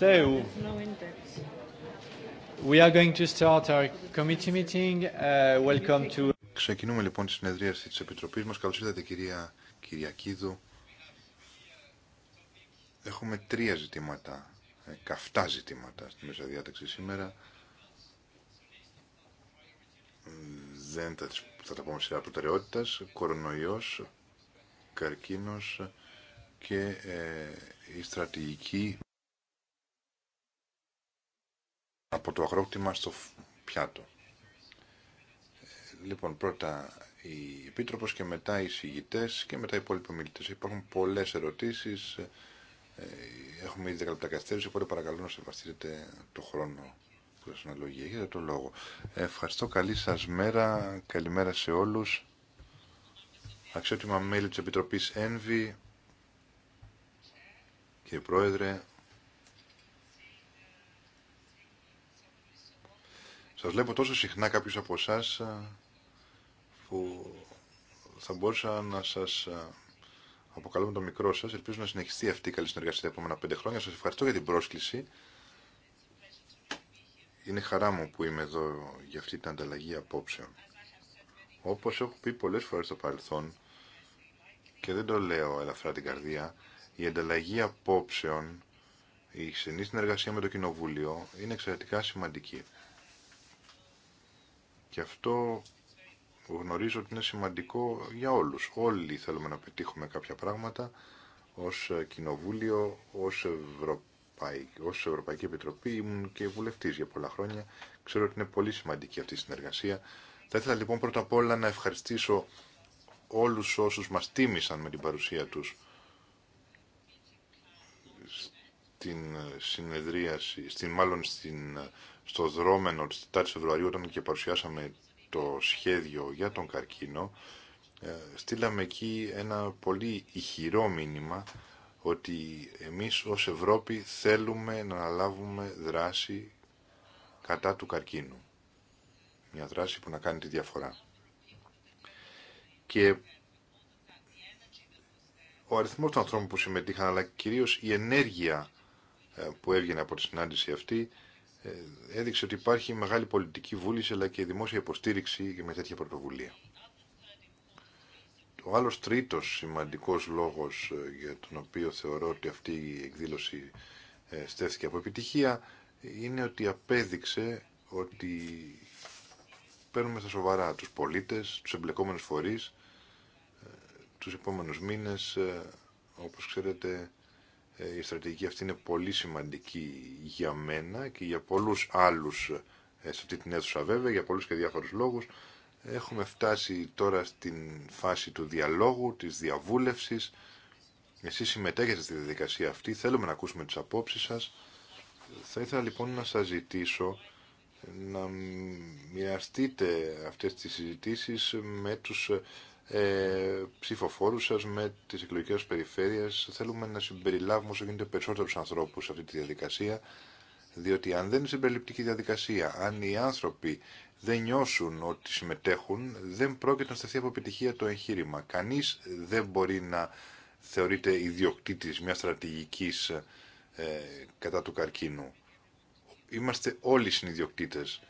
So, we are going to start our committee meeting. Uh, welcome to... Ξεκινούμε λοιπόν τη συνεδρίαση της Επιτροπής μας. Καλώς ήρθατε κυρία Κυριακίδου. Έχουμε τρία ζητήματα, ε, καυτά ζητήματα στη μέσα διάταξη σήμερα. Δεν θα, θα τα πούμε σειρά προτεραιότητας. Κορονοϊός, καρκίνος και ε, η στρατηγική από το αγρόκτημα στο πιάτο. Ε, λοιπόν, πρώτα η Επίτροπος και μετά οι συγητές και μετά οι υπόλοιποι μιλητές. Υπάρχουν πολλές ερωτήσεις, ε, έχουμε ήδη 10 λεπτά καθυστέρηση, οπότε παρακαλώ να σεβαστείτε το χρόνο που σας αναλογεί. Έχετε το λόγο. Ευχαριστώ, καλή σας μέρα, καλημέρα σε όλους. Αξιότιμα μέλη της Επιτροπής ΕΝΒΗ, και Πρόεδρε, Σας βλέπω τόσο συχνά κάποιους από εσά που θα μπορούσα να σας αποκαλούμε το μικρό σας. Ελπίζω να συνεχιστεί αυτή η καλή συνεργασία τα επόμενα πέντε χρόνια. Σας ευχαριστώ για την πρόσκληση. Είναι χαρά μου που είμαι εδώ για αυτή την ανταλλαγή απόψεων. Όπως έχω πει πολλές φορές στο παρελθόν, και δεν το λέω ελαφρά την καρδία, η ανταλλαγή απόψεων, η συνή συνεργασία με το Κοινοβούλιο είναι εξαιρετικά σημαντική. Και αυτό γνωρίζω ότι είναι σημαντικό για όλους. Όλοι θέλουμε να πετύχουμε κάποια πράγματα ως Κοινοβούλιο, ως, Ευρωπαϊ... ως Ευρωπαϊκή Επιτροπή. Ήμουν και βουλευτής για πολλά χρόνια. Ξέρω ότι είναι πολύ σημαντική αυτή η συνεργασία. Θα ήθελα λοιπόν πρώτα απ' όλα να ευχαριστήσω όλους όσους μας τίμησαν με την παρουσία τους στην συνεδρίαση, στην, μάλλον στην στο δρόμενο της 4 Φεβρουαρίου όταν και παρουσιάσαμε το σχέδιο για τον καρκίνο ε, στείλαμε εκεί ένα πολύ ηχηρό μήνυμα ότι εμείς ως Ευρώπη θέλουμε να αναλάβουμε δράση κατά του καρκίνου. Μια δράση που να κάνει τη διαφορά. Και ο αριθμός των ανθρώπων που συμμετείχαν, αλλά κυρίως η ενέργεια ε, που έβγαινε από τη συνάντηση αυτή, ε, έδειξε ότι υπάρχει μεγάλη πολιτική βούληση αλλά και δημόσια υποστήριξη με τέτοια πρωτοβουλία. Ο άλλος τρίτος σημαντικός λόγος ε, για τον οποίο θεωρώ ότι αυτή η εκδήλωση ε, στέφθηκε από επιτυχία είναι ότι απέδειξε ότι παίρνουμε στα σοβαρά τους πολίτες, τους εμπλεκόμενους φορείς, τους επόμενους μήνες, όπως ξέρετε, ε, η στρατηγική αυτή είναι πολύ σημαντική για μένα και για πολλούς άλλους ε, σε αυτή την αίθουσα βέβαια, για πολλούς και διάφορους λόγους. Έχουμε φτάσει τώρα στην φάση του διαλόγου, της διαβούλευσης. Εσείς συμμετέχετε στη διαδικασία αυτή, θέλουμε να ακούσουμε τις απόψεις σας. Θα ήθελα λοιπόν να σας ζητήσω να μοιραστείτε αυτές τις συζητήσεις με τους ε, ε, ψηφοφόρου σα με τι εκλογικέ περιφέρειε. Θέλουμε να συμπεριλάβουμε όσο γίνεται περισσότερου ανθρώπου σε αυτή τη διαδικασία. Διότι αν δεν είναι συμπεριληπτική διαδικασία, αν οι άνθρωποι δεν νιώσουν ότι συμμετέχουν, δεν πρόκειται να σταθεί από επιτυχία το εγχείρημα. Κανεί δεν μπορεί να θεωρείται ιδιοκτήτη μια στρατηγική ε, κατά του καρκίνου. Είμαστε όλοι συνειδιοκτήτες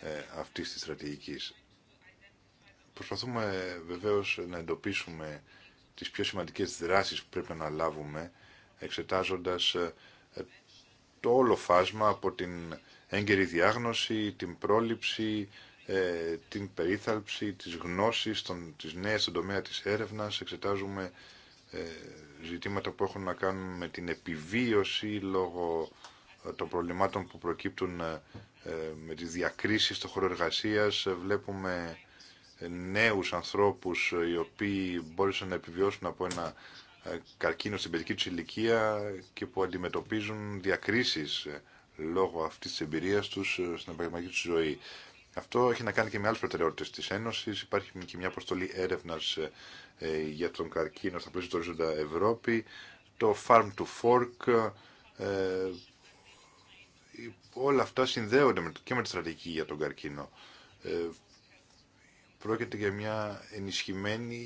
ε, αυτής της στρατηγικής. Προσπαθούμε βεβαίως να εντοπίσουμε τις πιο σημαντικές δράσεις που πρέπει να λάβουμε εξετάζοντας ε, το όλο φάσμα από την έγκαιρη διάγνωση, την πρόληψη, ε, την περίθαλψη, τις γνώσεις, τον, τις νέες στον τομέα της έρευνας. Εξετάζουμε ε, ζητήματα που έχουν να κάνουν με την επιβίωση λόγω των προβλημάτων που προκύπτουν με τις διακρίσεις στο χώρο εργασίας. Βλέπουμε νέους ανθρώπους ε, οι οποίοι μπόρεσαν να επιβιώσουν από ένα ε, καρκίνο στην παιδική του ηλικία και που αντιμετωπίζουν διακρίσεις ε, λόγω αυτής της εμπειρίας τους στην επαγγελματική τους ζωή. Αυτό έχει να κάνει και με άλλες προτεραιότητες της Ένωσης. Υπάρχει και μια αποστολή έρευνας για τον καρκίνο στα πλαίσια του Οριζόντα Ευρώπη. Το Farm to Fork, όλα αυτά συνδέονται και με τη στρατηγική για τον καρκίνο. Πρόκειται για μια ενισχυμένη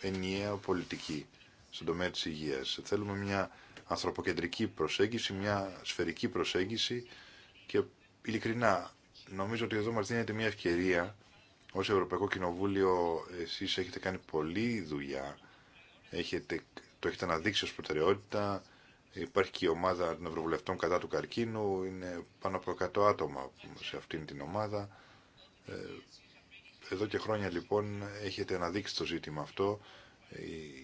ενιαία πολιτική στον τομέα της υγείας. Θέλουμε μια ανθρωποκεντρική προσέγγιση, μια σφαιρική προσέγγιση και ειλικρινά νομίζω ότι εδώ μας δίνεται μια ευκαιρία ως Ευρωπαϊκό Κοινοβούλιο εσείς έχετε κάνει πολλή δουλειά, έχετε, το έχετε αναδείξει ως προτεραιότητα, υπάρχει και η ομάδα των Ευρωβουλευτών κατά του καρκίνου, είναι πάνω από 100 άτομα σε αυτήν την ομάδα. Ε, εδώ και χρόνια λοιπόν έχετε αναδείξει το ζήτημα αυτό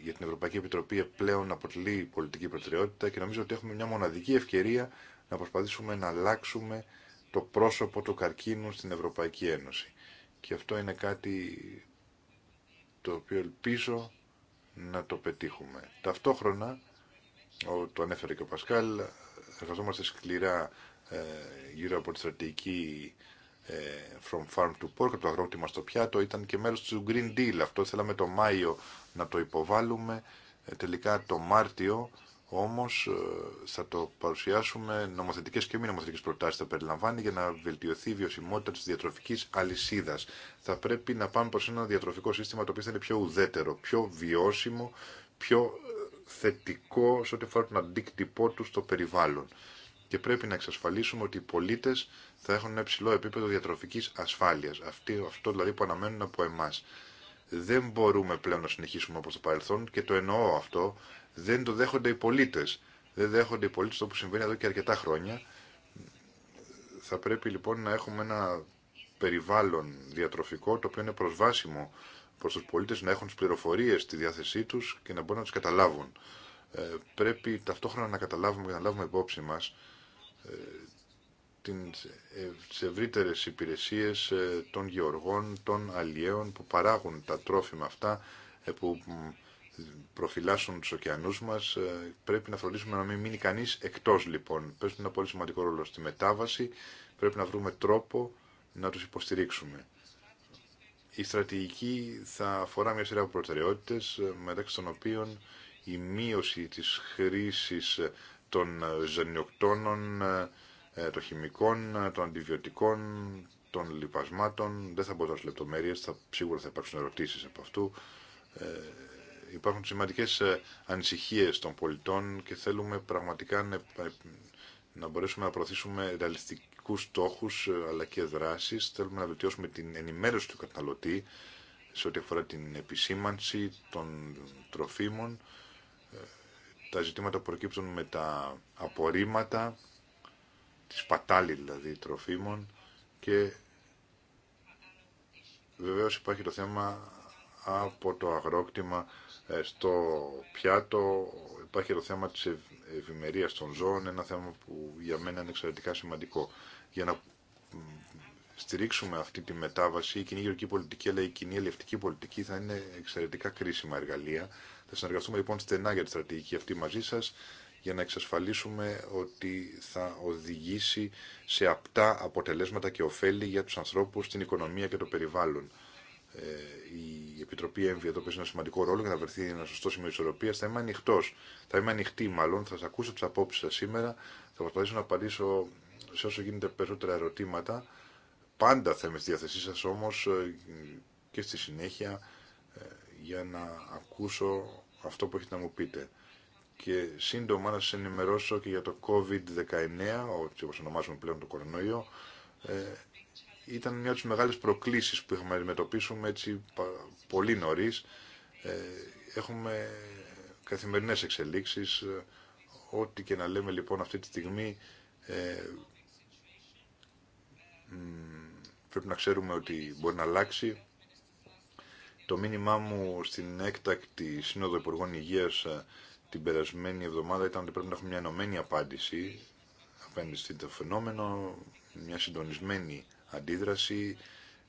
για την Ευρωπαϊκή Επιτροπή πλέον αποτελεί πολιτική προτεραιότητα και νομίζω ότι έχουμε μια μοναδική ευκαιρία να προσπαθήσουμε να αλλάξουμε το πρόσωπο του καρκίνου στην Ευρωπαϊκή Ένωση. Και αυτό είναι κάτι το οποίο ελπίζω να το πετύχουμε. Ταυτόχρονα, το ανέφερε και ο Πασκάλ, εργαζόμαστε σκληρά ε, γύρω από τη στρατηγική ε, from Farm to Pork, από το αγρότημα στο πιάτο, ήταν και μέρος του Green Deal. Αυτό θέλαμε το Μάιο να το υποβάλουμε. Ε, τελικά το Μάρτιο όμως ε, θα το παρουσιάσουμε νομοθετικές και μη νομοθετικές προτάσεις θα περιλαμβάνει για να βελτιωθεί η βιωσιμότητα της διατροφικής αλυσίδας. Θα πρέπει να πάμε προς ένα διατροφικό σύστημα το οποίο θα είναι πιο ουδέτερο, πιο βιώσιμο, πιο θετικό σε ό,τι αφορά τον αντίκτυπό του στο περιβάλλον και πρέπει να εξασφαλίσουμε ότι οι πολίτε θα έχουν ένα υψηλό επίπεδο διατροφική ασφάλεια. Αυτό δηλαδή που αναμένουν από εμά. Δεν μπορούμε πλέον να συνεχίσουμε όπω το παρελθόν και το εννοώ αυτό. Δεν το δέχονται οι πολίτε. Δεν δέχονται οι πολίτε το που συμβαίνει εδώ και αρκετά χρόνια. Θα πρέπει λοιπόν να έχουμε ένα περιβάλλον διατροφικό το οποίο είναι προσβάσιμο προς τους πολίτες να έχουν τις πληροφορίες στη διάθεσή τους και να μπορούν να τι καταλάβουν. Ε, πρέπει ταυτόχρονα να καταλάβουμε και να λάβουμε υπόψη μας τις ευρύτερες υπηρεσίες ε, των γεωργών, των αλλιέων που παράγουν τα τρόφιμα αυτά ε, που προφυλάσσουν τους ωκεανούς μας. Ε, πρέπει να φροντίσουμε να μην μείνει κανείς εκτός λοιπόν. Παίζουν ένα πολύ σημαντικό ρόλο στη μετάβαση. Πρέπει να βρούμε τρόπο να τους υποστηρίξουμε. Η στρατηγική θα αφορά μια σειρά από προτεραιότητες μεταξύ των οποίων η μείωση της χρήσης των ε, ζενιοκτώνων, ε, ε, των χημικών, των αντιβιωτικών, των λιπασμάτων. Δεν θα μπω τώρα σε θα σίγουρα θα υπάρξουν ερωτήσει από αυτού. υπάρχουν σημαντικέ ανησυχίε των πολιτών και θέλουμε πραγματικά να, μπορέσουμε να προωθήσουμε ρεαλιστικού στόχου αλλά και δράσει. Θέλουμε να βελτιώσουμε την ενημέρωση του καταναλωτή σε ό,τι αφορά την επισήμανση των τροφίμων τα ζητήματα που προκύπτουν με τα απορρίμματα, τη σπατάλη δηλαδή τροφίμων και βεβαίως υπάρχει το θέμα από το αγρόκτημα ε, στο πιάτο, υπάρχει το θέμα της ευημερίας των ζώων, ένα θέμα που για μένα είναι εξαιρετικά σημαντικό. Για να στηρίξουμε αυτή τη μετάβαση, η κοινή γεωργική πολιτική αλλά η κοινή ελευτική πολιτική θα είναι εξαιρετικά κρίσιμα εργαλεία. Θα συνεργαστούμε λοιπόν στενά για τη στρατηγική αυτή μαζί σα για να εξασφαλίσουμε ότι θα οδηγήσει σε απτά αποτελέσματα και ωφέλη για του ανθρώπου την οικονομία και το περιβάλλον. Ε, η Επιτροπή ΕΜΒΙ εδώ παίζει ένα σημαντικό ρόλο για να βρεθεί ένα σωστό σημείο ισορροπία. Θα είμαι ανοιχτό, θα είμαι ανοιχτή μάλλον, θα σα ακούσω τι απόψει σα σήμερα, θα προσπαθήσω να απαντήσω σε όσο γίνεται περισσότερα ερωτήματα. Πάντα θα είμαι στη διάθεσή σας όμως ε, και στη συνέχεια ε, για να ακούσω αυτό που έχετε να μου πείτε. Και σύντομα να σας ενημερώσω και για το COVID-19, όπως ονομάζουμε πλέον το κορονοϊό, ε, ήταν μια από τις μεγάλες προκλήσεις που είχαμε να αντιμετωπίσουμε έτσι πολύ νωρίς. Έχουμε καθημερινές εξελίξεις, ό,τι και να λέμε λοιπόν αυτή τη στιγμή πρέπει να ξέρουμε ότι μπορεί να αλλάξει. Το μήνυμά μου στην έκτακτη Σύνοδο Υπουργών Υγείας ε, την περασμένη εβδομάδα ήταν ότι πρέπει να έχουμε μια ενωμένη απάντηση απέναντι στο φαινόμενο, μια συντονισμένη αντίδραση,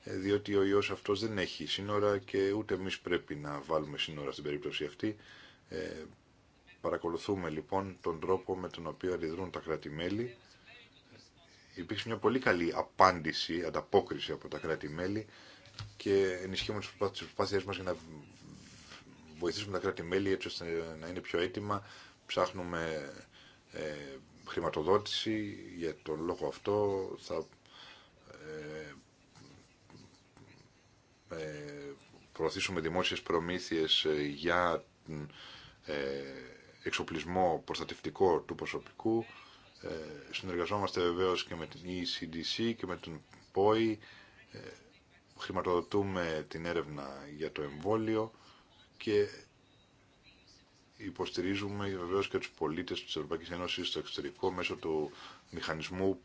ε, διότι ο ιός αυτός δεν έχει σύνορα και ούτε εμείς πρέπει να βάλουμε σύνορα στην περίπτωση αυτή. Ε, παρακολουθούμε λοιπόν τον τρόπο με τον οποίο αντιδρούν τα κράτη-μέλη υπήρξε μια πολύ καλή απάντηση, ανταπόκριση από τα κράτη-μέλη και ενισχύουμε τις προσπάθειές μας για να βοηθήσουμε τα κράτη-μέλη έτσι ώστε να είναι πιο έτοιμα. Ψάχνουμε ε, χρηματοδότηση για τον λόγο αυτό. Θα ε, ε προωθήσουμε δημόσιες προμήθειες για ε, εξοπλισμό προστατευτικό του προσωπικού ε, συνεργαζόμαστε βεβαίως και με την ECDC και με τον ΠΟΗ. Ε, χρηματοδοτούμε την έρευνα για το εμβόλιο και υποστηρίζουμε βεβαίως και τους πολίτες της Ευρωπαϊκής Ένωσης στο εξωτερικό μέσω του μηχανισμού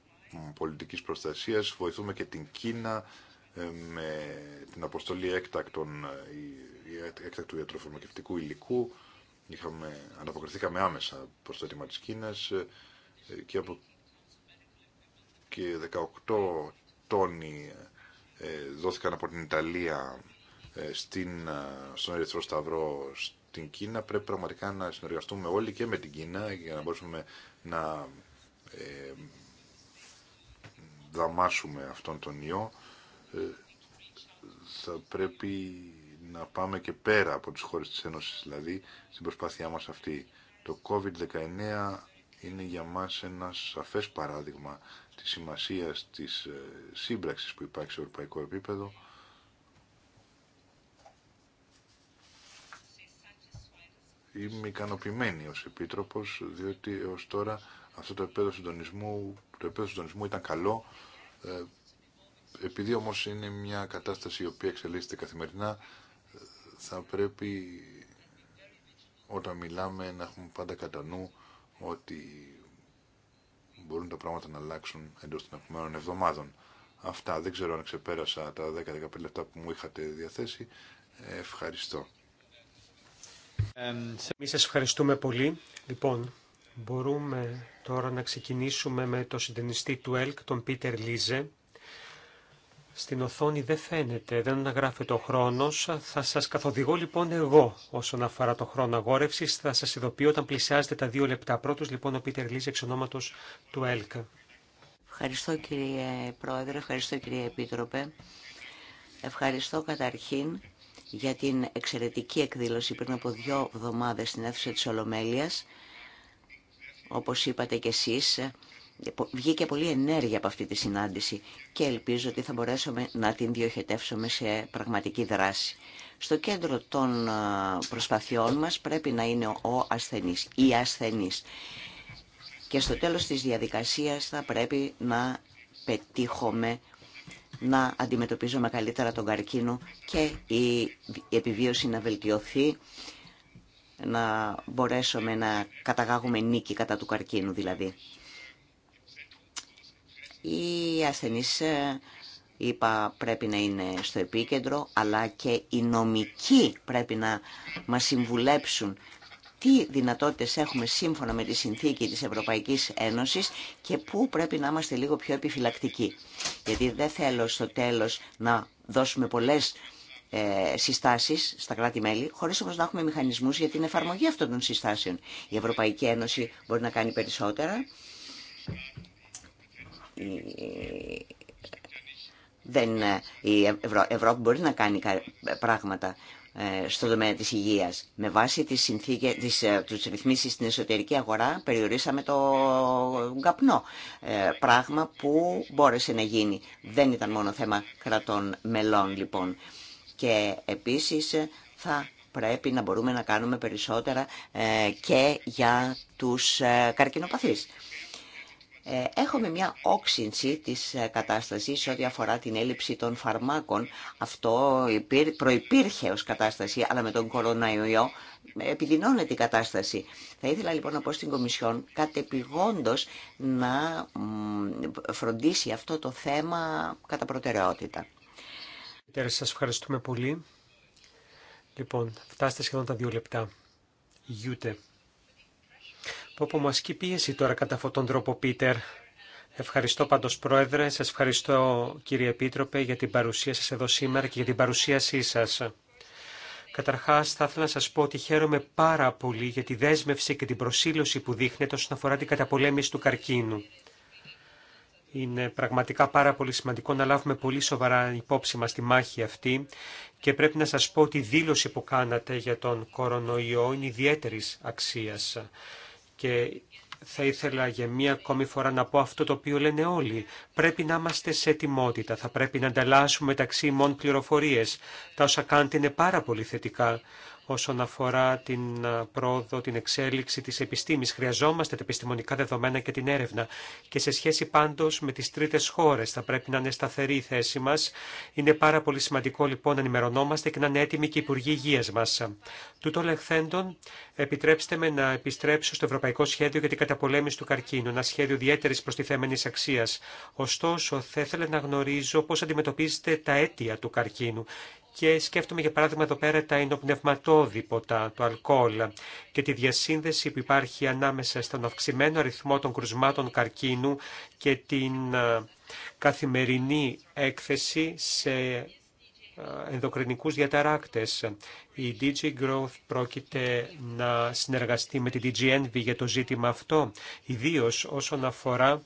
πολιτικής προστασίας. Βοηθούμε και την Κίνα ε, με την αποστολή έκτακτων, έκτακτου ιατροφαρμακευτικού υλικού. Είχαμε, ανταποκριθήκαμε άμεσα προς το αίτημα της Κίνας και, από, και 18 τόνοι ε, δόθηκαν από την Ιταλία ε, στην, ε, στον Ερυθρό Σταυρό στην Κίνα. Πρέπει πραγματικά να συνεργαστούμε όλοι και με την Κίνα για να μπορέσουμε να ε, δαμάσουμε αυτόν τον ιό. θα πρέπει να πάμε και πέρα από τις χώρες της Ένωσης, δηλαδή, στην προσπάθειά μας αυτή. Το COVID-19 είναι για μας ένα σαφές παράδειγμα της σημασίας της ε, σύμπραξης που υπάρχει σε ευρωπαϊκό επίπεδο είμαι ικανοποιημένη ως Επίτροπος, διότι έως τώρα αυτό το επίπεδο συντονισμού, το συντονισμού ήταν καλό. Ε, επειδή όμως είναι μια κατάσταση η οποία εξελίσσεται καθημερινά, θα πρέπει όταν μιλάμε να έχουμε πάντα κατά νου ότι μπορούν τα πράγματα να αλλάξουν εντός των επόμενων εβδομάδων. Αυτά δεν ξέρω αν ξεπέρασα τα 10-15 λεπτά που μου είχατε διαθέσει. Ευχαριστώ. Εμείς σας ευχαριστούμε πολύ. Λοιπόν, μπορούμε τώρα να ξεκινήσουμε με το συντενιστή του ΕΛΚ, τον Πίτερ Λίζε. Στην οθόνη δεν φαίνεται, δεν αναγράφεται ο χρόνος. Θα σας καθοδηγώ λοιπόν εγώ όσον αφορά το χρόνο αγόρευσης. Θα σας ειδοποιώ όταν πλησιάζετε τα δύο λεπτά. Πρώτος λοιπόν ο Πίτερ Λίζ εξ του ΕΛΚΑ. Ευχαριστώ κύριε Πρόεδρε, ευχαριστώ κύριε Επίτροπε. Ευχαριστώ καταρχήν για την εξαιρετική εκδήλωση πριν από δύο εβδομάδες στην αίθουσα της Ολομέλειας. Όπως είπατε κι εσεί βγήκε πολύ ενέργεια από αυτή τη συνάντηση και ελπίζω ότι θα μπορέσουμε να την διοχετεύσουμε σε πραγματική δράση. Στο κέντρο των προσπαθειών μας πρέπει να είναι ο ασθενής, η ασθενής. Και στο τέλος της διαδικασίας θα πρέπει να πετύχουμε να αντιμετωπίζουμε καλύτερα τον καρκίνο και η επιβίωση να βελτιωθεί, να μπορέσουμε να καταγάγουμε νίκη κατά του καρκίνου δηλαδή. Οι ασθενείς ε, είπα πρέπει να είναι στο επίκεντρο αλλά και οι νομικοί πρέπει να μας συμβουλέψουν τι δυνατότητες έχουμε σύμφωνα με τη συνθήκη της Ευρωπαϊκής Ένωσης και πού πρέπει να είμαστε λίγο πιο επιφυλακτικοί. Γιατί δεν θέλω στο τέλος να δώσουμε πολλές ε, συστάσεις στα κράτη-μέλη, χωρίς όμως να έχουμε μηχανισμούς για την εφαρμογή αυτών των συστάσεων. Η Ευρωπαϊκή Ένωση μπορεί να κάνει περισσότερα δεν, η Ευρώπη μπορεί να κάνει πράγματα ε, στο τομέα της υγείας. Με βάση τις, συνθήκες, τις, ε, ρυθμίσεις στην εσωτερική αγορά περιορίσαμε το γαπνό ε, πράγμα που μπόρεσε να γίνει. Δεν ήταν μόνο θέμα κρατών μελών λοιπόν. Και επίσης θα πρέπει να μπορούμε να κάνουμε περισσότερα και για τους καρκινοπαθείς. Ε, έχουμε μια όξυνση της ε, κατάστασης σε ό,τι αφορά την έλλειψη των φαρμάκων. Αυτό προϋπήρχε ως κατάσταση, αλλά με τον κορονοϊό ε, επιδεινώνεται η κατάσταση. Θα ήθελα λοιπόν να πω στην Κομισιόν κατεπηγόντως να φροντίσει αυτό το θέμα κατά προτεραιότητα. Κύριε, σας ευχαριστούμε πολύ. Λοιπόν, φτάστε σχεδόν τα δύο λεπτά. Γιούτε. Πω πω μου ασκεί πίεση τώρα κατά αυτόν τον τρόπο, Πίτερ. Ευχαριστώ πάντω, Πρόεδρε, σας ευχαριστώ κύριε Επίτροπε για την παρουσία σας εδώ σήμερα και για την παρουσίασή σας. Καταρχάς θα ήθελα να σα πω ότι χαίρομαι πάρα πολύ για τη δέσμευση και την προσήλωση που δείχνετε όσον αφορά την καταπολέμηση του καρκίνου. Είναι πραγματικά πάρα πολύ σημαντικό να λάβουμε πολύ σοβαρά υπόψη μας τη μάχη αυτή και πρέπει να σας πω ότι η δήλωση που κάνατε για τον κορονοϊό είναι ιδιαίτερη αξίας και θα ήθελα για μία ακόμη φορά να πω αυτό το οποίο λένε όλοι. Πρέπει να είμαστε σε ετοιμότητα, θα πρέπει να ανταλλάσσουμε μεταξύ ημών πληροφορίες. Τα όσα κάνετε είναι πάρα πολύ θετικά όσον αφορά την ε, πρόοδο, την εξέλιξη της επιστήμης. Χρειαζόμαστε τα επιστημονικά δεδομένα και την έρευνα. Και σε σχέση πάντως με τις τρίτες χώρες θα πρέπει να είναι σταθερή η θέση μας. Είναι πάρα πολύ σημαντικό λοιπόν να ενημερωνόμαστε και να είναι έτοιμοι και οι Υπουργοί Υγείας μας. Τούτο λεχθέντον επιτρέψτε με να επιστρέψω στο Ευρωπαϊκό Σχέδιο για την Καταπολέμηση του Καρκίνου, ένα σχέδιο ιδιαίτερη προστιθέμενη αξία. Ωστόσο, θα ήθελα να γνωρίζω πώ αντιμετωπίζετε τα αίτια του καρκίνου και σκέφτομαι για παράδειγμα εδώ πέρα τα ενοπνευματόδη ποτά, το αλκοόλ και τη διασύνδεση που υπάρχει ανάμεσα στον αυξημένο αριθμό των κρουσμάτων καρκίνου και την ε, καθημερινή έκθεση σε ε, ενδοκρινικούς διαταράκτες. Η DG Growth πρόκειται να συνεργαστεί με τη DG Envy για το ζήτημα αυτό, ιδίως όσον αφορά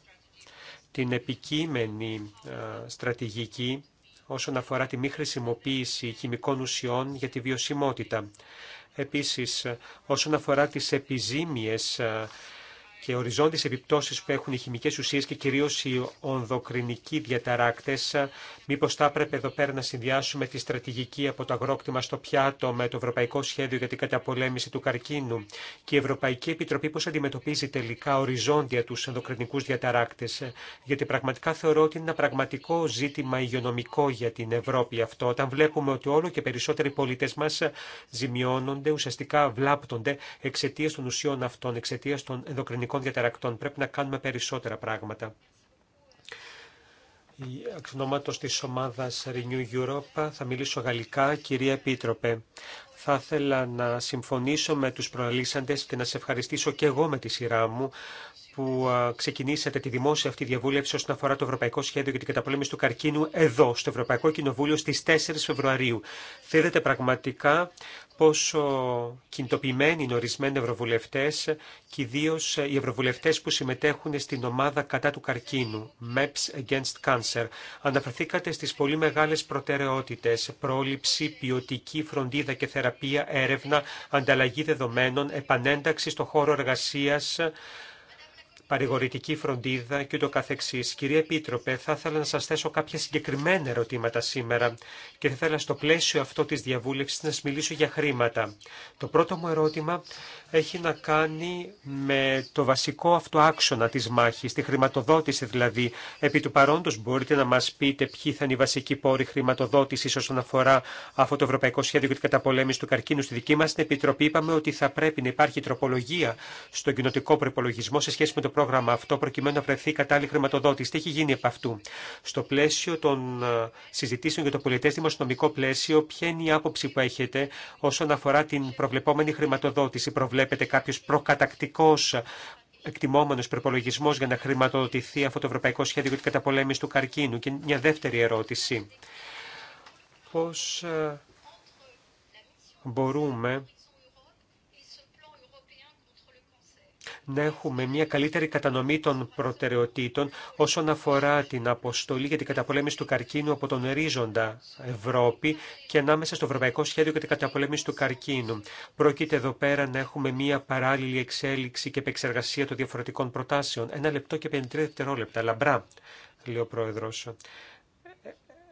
την επικείμενη ε, στρατηγική όσον αφορά τη μη χρησιμοποίηση χημικών ουσιών για τη βιωσιμότητα. Επίσης, όσον αφορά τις επιζήμιες ε, και οριζόντιες επιπτώσεις που έχουν οι χημικές ουσίες και κυρίως οι ονδοκρινικοί διαταράκτες. Μήπως θα έπρεπε εδώ πέρα να συνδυάσουμε τη στρατηγική από το αγρόκτημα στο πιάτο με το Ευρωπαϊκό Σχέδιο για την Καταπολέμηση του Καρκίνου και η Ευρωπαϊκή Επιτροπή πώς αντιμετωπίζει τελικά οριζόντια τους ενδοκρινικούς διαταράκτες. Γιατί πραγματικά θεωρώ ότι είναι ένα πραγματικό ζήτημα υγειονομικό για την Ευρώπη αυτό. Όταν βλέπουμε ότι όλο και περισσότεροι πολίτες μας ζημιώνονται, ουσιαστικά βλάπτονται εξαιτία των ουσιών αυτών, εξαιτία των ενδοκρινικών διαταρακτών. Πρέπει να κάνουμε περισσότερα πράγματα. Εξ ονόματος της ομάδας Renew Europe θα μιλήσω γαλλικά, κυρία Επίτροπε. Θα ήθελα να συμφωνήσω με τους προαλήσαντες και να σε ευχαριστήσω και εγώ με τη σειρά μου που ξεκινήσατε τη δημόσια αυτή διαβούλευση όσον αφορά το Ευρωπαϊκό Σχέδιο για την Καταπολέμηση του Καρκίνου εδώ, στο Ευρωπαϊκό Κοινοβούλιο, στι 4 Φεβρουαρίου. Θέλετε πραγματικά πόσο κινητοποιημένοι είναι ορισμένοι ευρωβουλευτέ και ιδίω οι ευρωβουλευτέ που συμμετέχουν στην ομάδα κατά του καρκίνου, MEPS Against Cancer. Αναφερθήκατε στι πολύ μεγάλε προτεραιότητε, πρόληψη, ποιοτική φροντίδα και θεραπεία, έρευνα, ανταλλαγή δεδομένων, επανένταξη στο χώρο εργασία, παρηγορητική φροντίδα και ούτω καθεξής. Κυρία Επίτροπε, θα ήθελα να σας θέσω κάποια συγκεκριμένα ερωτήματα σήμερα και θα ήθελα στο πλαίσιο αυτό της διαβούλευσης να σας μιλήσω για χρήματα. Το πρώτο μου ερώτημα έχει να κάνει με το βασικό αυτό άξονα της μάχης, τη χρηματοδότηση δηλαδή. Επί του παρόντος μπορείτε να μας πείτε ποιοι θα είναι οι βασικοί πόροι χρηματοδότησης όσον αφορά αυτό το Ευρωπαϊκό Σχέδιο για την καταπολέμηση του καρκίνου. Στη δική μας Επιτροπή είπαμε ότι θα πρέπει να υπάρχει τροπολογία στον κοινοτικό προπολογισμό σε σχέση με το πρόγραμμα αυτό προκειμένου να βρεθεί κατάλληλη χρηματοδότηση. Τι έχει γίνει από αυτού. Στο πλαίσιο των ε, συζητήσεων για το πολιτέ δημοσιονομικό πλαίσιο, ποια είναι η άποψη που έχετε όσον αφορά την προβλεπόμενη χρηματοδότηση. Προβλέπετε κάποιο προκατακτικό εκτιμόμενος προπολογισμό για να χρηματοδοτηθεί αυτό το Ευρωπαϊκό Σχέδιο για την καταπολέμηση του καρκίνου. Και μια δεύτερη ερώτηση. Πώς ε, μπορούμε να έχουμε μια καλύτερη κατανομή των προτεραιοτήτων όσον αφορά την αποστολή για την καταπολέμηση του καρκίνου από τον ορίζοντα Ευρώπη και ανάμεσα στο Ευρωπαϊκό Σχέδιο για την καταπολέμηση του καρκίνου. Πρόκειται εδώ πέρα να έχουμε μια παράλληλη εξέλιξη και επεξεργασία των διαφορετικών προτάσεων. Ένα λεπτό και 53 δευτερόλεπτα. Λαμπρά, λέει ο πρόεδρο.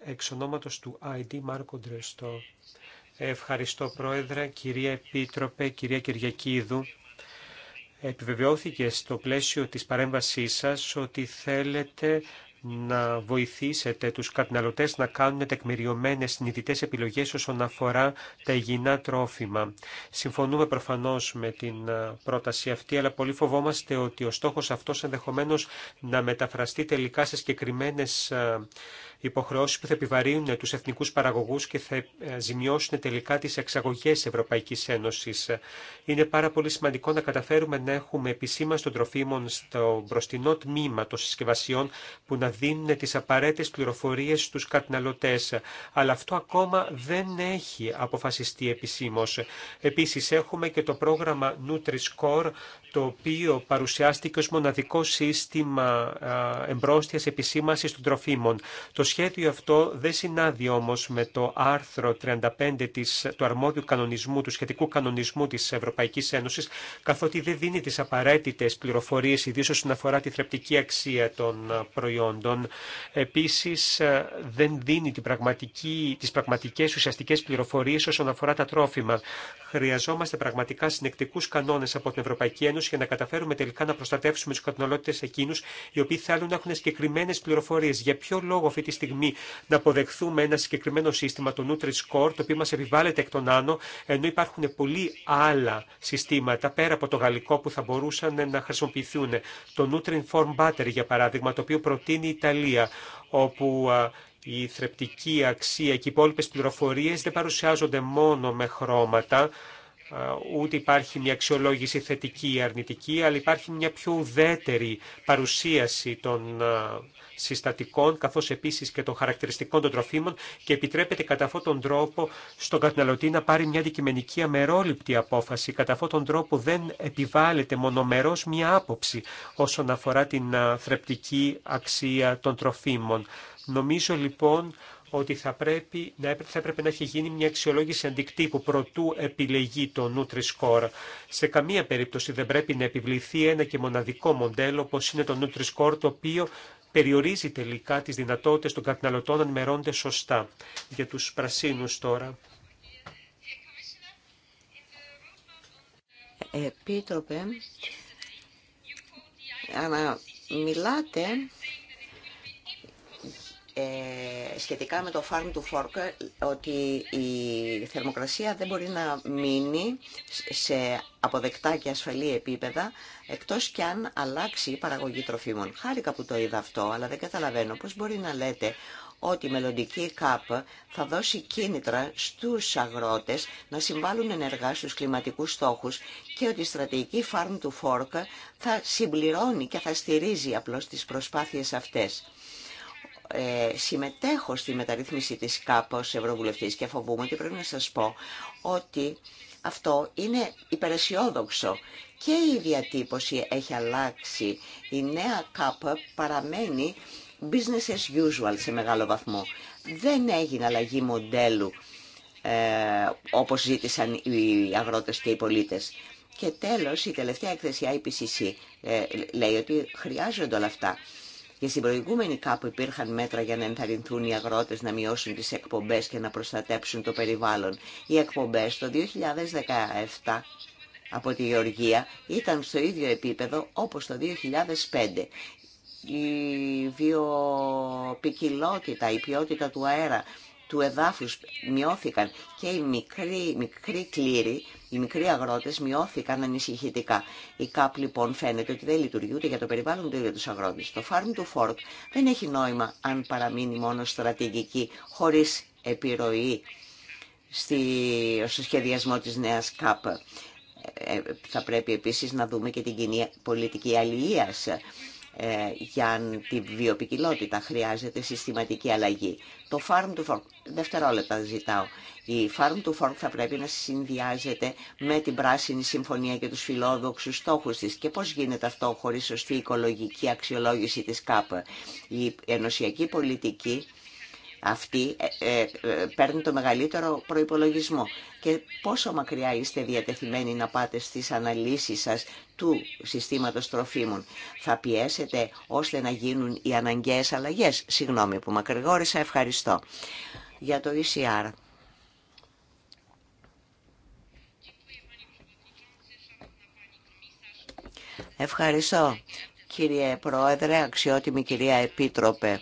Εξ ονόματος του ID Μάρκο Ντρεστό. Ευχαριστώ Πρόεδρε, κυρία Επίτροπε, κυρία Κυριακίδου επιβεβαιώθηκε στο πλαίσιο της παρέμβασής σας ότι θέλετε να βοηθήσετε τους καταναλωτές να κάνουν τεκμηριωμένες συνειδητές επιλογές όσον αφορά τα υγιεινά τρόφιμα. Συμφωνούμε προφανώς με την πρόταση αυτή, αλλά πολύ φοβόμαστε ότι ο στόχος αυτός ενδεχομένως να μεταφραστεί τελικά σε συγκεκριμένε υποχρεώσει που θα επιβαρύνουν τους εθνικούς παραγωγούς και θα ε, ζημιώσουν τελικά τις εξαγωγές Ευρωπαϊκής Ένωση. Είναι πάρα πολύ σημαντικό να καταφέρουμε να έχουμε επισήμα των τροφίμων στο μπροστινό τμήμα των συσκευασιών που να δίνουν τις απαραίτητες πληροφορίες στου καταναλωτές. Αλλά αυτό ακόμα δεν έχει αποφασιστεί επισήμω. Επίση, έχουμε και το πρόγραμμα Nutri-Score το οποίο παρουσιάστηκε ως μοναδικό σύστημα εμπρόστιας επισήμασης των τροφίμων. Το σχέδιο αυτό δεν συνάδει όμως με το άρθρο 35 της, του αρμόδιου κανονισμού, του σχετικού κανονισμού της Ευρωπαϊκής Ένωσης, καθότι δεν δίνει τις απαραίτητες πληροφορίες, ιδίως όσον αφορά τη θρεπτική αξία των προϊόντων. Επίσης, δεν δίνει την πραγματική, τις πραγματικές ουσιαστικές πληροφορίες όσον αφορά τα τρόφιμα. Χρειαζόμαστε πραγματικά συνεκτικούς κανόνες από την Ευρωπαϊκή Ένωση Ένωση για να καταφέρουμε τελικά να προστατεύσουμε του καταναλωτέ εκείνου οι οποίοι θέλουν να έχουν συγκεκριμένε πληροφορίε. Για ποιο λόγο αυτή τη στιγμή να αποδεχθούμε ένα συγκεκριμένο σύστημα, το Nutri-Score, το οποίο μα επιβάλλεται εκ των άνω, ενώ υπάρχουν πολλοί άλλα συστήματα πέρα από το γαλλικό που θα μπορούσαν να χρησιμοποιηθούν. Το Nutri-Inform Battery, για παράδειγμα, το οποίο προτείνει η Ιταλία, όπου η θρεπτική αξία και οι υπόλοιπε πληροφορίε δεν παρουσιάζονται μόνο με χρώματα, ούτε υπάρχει μια αξιολόγηση θετική ή αρνητική, αλλά υπάρχει μια πιο ουδέτερη παρουσίαση των συστατικών, καθώς επίσης και των χαρακτηριστικών των τροφίμων και επιτρέπεται κατά αυτόν τον τρόπο στον καταναλωτή να πάρει μια αντικειμενική αμερόληπτη απόφαση. Κατά αυτόν τον τρόπο δεν επιβάλλεται μονομερός μια άποψη όσον αφορά την θρεπτική αξία των τροφίμων. Νομίζω λοιπόν ότι θα πρέπει να, έπρεπε, να έχει γίνει μια αξιολόγηση αντικτύπου προτού επιλεγεί το Nutri-Score. Σε καμία περίπτωση δεν πρέπει να επιβληθεί ένα και μοναδικό μοντέλο όπω είναι το Nutri-Score το οποίο περιορίζει τελικά τις δυνατότητες των καταναλωτών να μερώνται σωστά. Για τους πρασίνους τώρα. Επίτροπε, ανα, μιλάτε ε, σχετικά με το Farm του Fork ότι η θερμοκρασία δεν μπορεί να μείνει σε αποδεκτά και ασφαλή επίπεδα εκτός και αν αλλάξει η παραγωγή τροφίμων. Χάρηκα που το είδα αυτό, αλλά δεν καταλαβαίνω πώς μπορεί να λέτε ότι η μελλοντική ΚΑΠ θα δώσει κίνητρα στους αγρότες να συμβάλλουν ενεργά στους κλιματικούς στόχους και ότι η στρατηγική Farm to Fork θα συμπληρώνει και θα στηρίζει απλώς τις προσπάθειες αυτές ε, συμμετέχω στη μεταρρύθμιση της ΚΑΠ Ευρωβουλευτής και φοβούμαι ότι πρέπει να σας πω ότι αυτό είναι υπεραισιόδοξο και η διατύπωση έχει αλλάξει. Η νέα ΚΑΠ παραμένει business as usual σε μεγάλο βαθμό. Δεν έγινε αλλαγή μοντέλου ε, όπως ζήτησαν οι αγρότες και οι πολίτες. Και τέλος, η τελευταία έκθεση IPCC ε, λέει ότι χρειάζονται όλα αυτά. Και στην προηγούμενη κάπου υπήρχαν μέτρα για να ενθαρρυνθούν οι αγρότες να μειώσουν τις εκπομπές και να προστατέψουν το περιβάλλον. Οι εκπομπές το 2017 από τη Γεωργία ήταν στο ίδιο επίπεδο όπως το 2005 η βιοπικιλότητα, η ποιότητα του αέρα του εδάφους μειώθηκαν και οι μικροί, μικροί κλήροι, οι μικροί αγρότες μειώθηκαν ανησυχητικά. Η ΚΑΠ λοιπόν φαίνεται ότι δεν λειτουργεί ούτε για το περιβάλλον του ίδιου τους αγρότες. Το Farm to Fork δεν έχει νόημα αν παραμείνει μόνο στρατηγική χωρίς επιρροή στη, στο σχεδιασμό της νέας ΚΑΠ. Ε, θα πρέπει επίσης να δούμε και την κοινή πολιτική αλληλείας ε, για τη βιοπικιλότητα χρειάζεται συστηματική αλλαγή. Το farm to fork, δευτερόλεπτα ζητάω, η farm to fork θα πρέπει να συνδυάζεται με την πράσινη συμφωνία και τους φιλόδοξους στόχους της. Και πώς γίνεται αυτό χωρίς σωστή οικολογική αξιολόγηση της ΚΑΠ. Η ενωσιακή πολιτική αυτή ε, ε, ε, παίρνει το μεγαλύτερο προϋπολογισμό. Και πόσο μακριά είστε διατεθειμένοι να πάτε στις αναλύσεις σας του συστήματος τροφίμων. Θα πιέσετε ώστε να γίνουν οι αναγκαίες αλλαγές. Συγγνώμη που μακρηγόρησα, ευχαριστώ. Για το ECR. Ευχαριστώ κύριε Πρόεδρε, αξιότιμη κυρία Επίτροπε.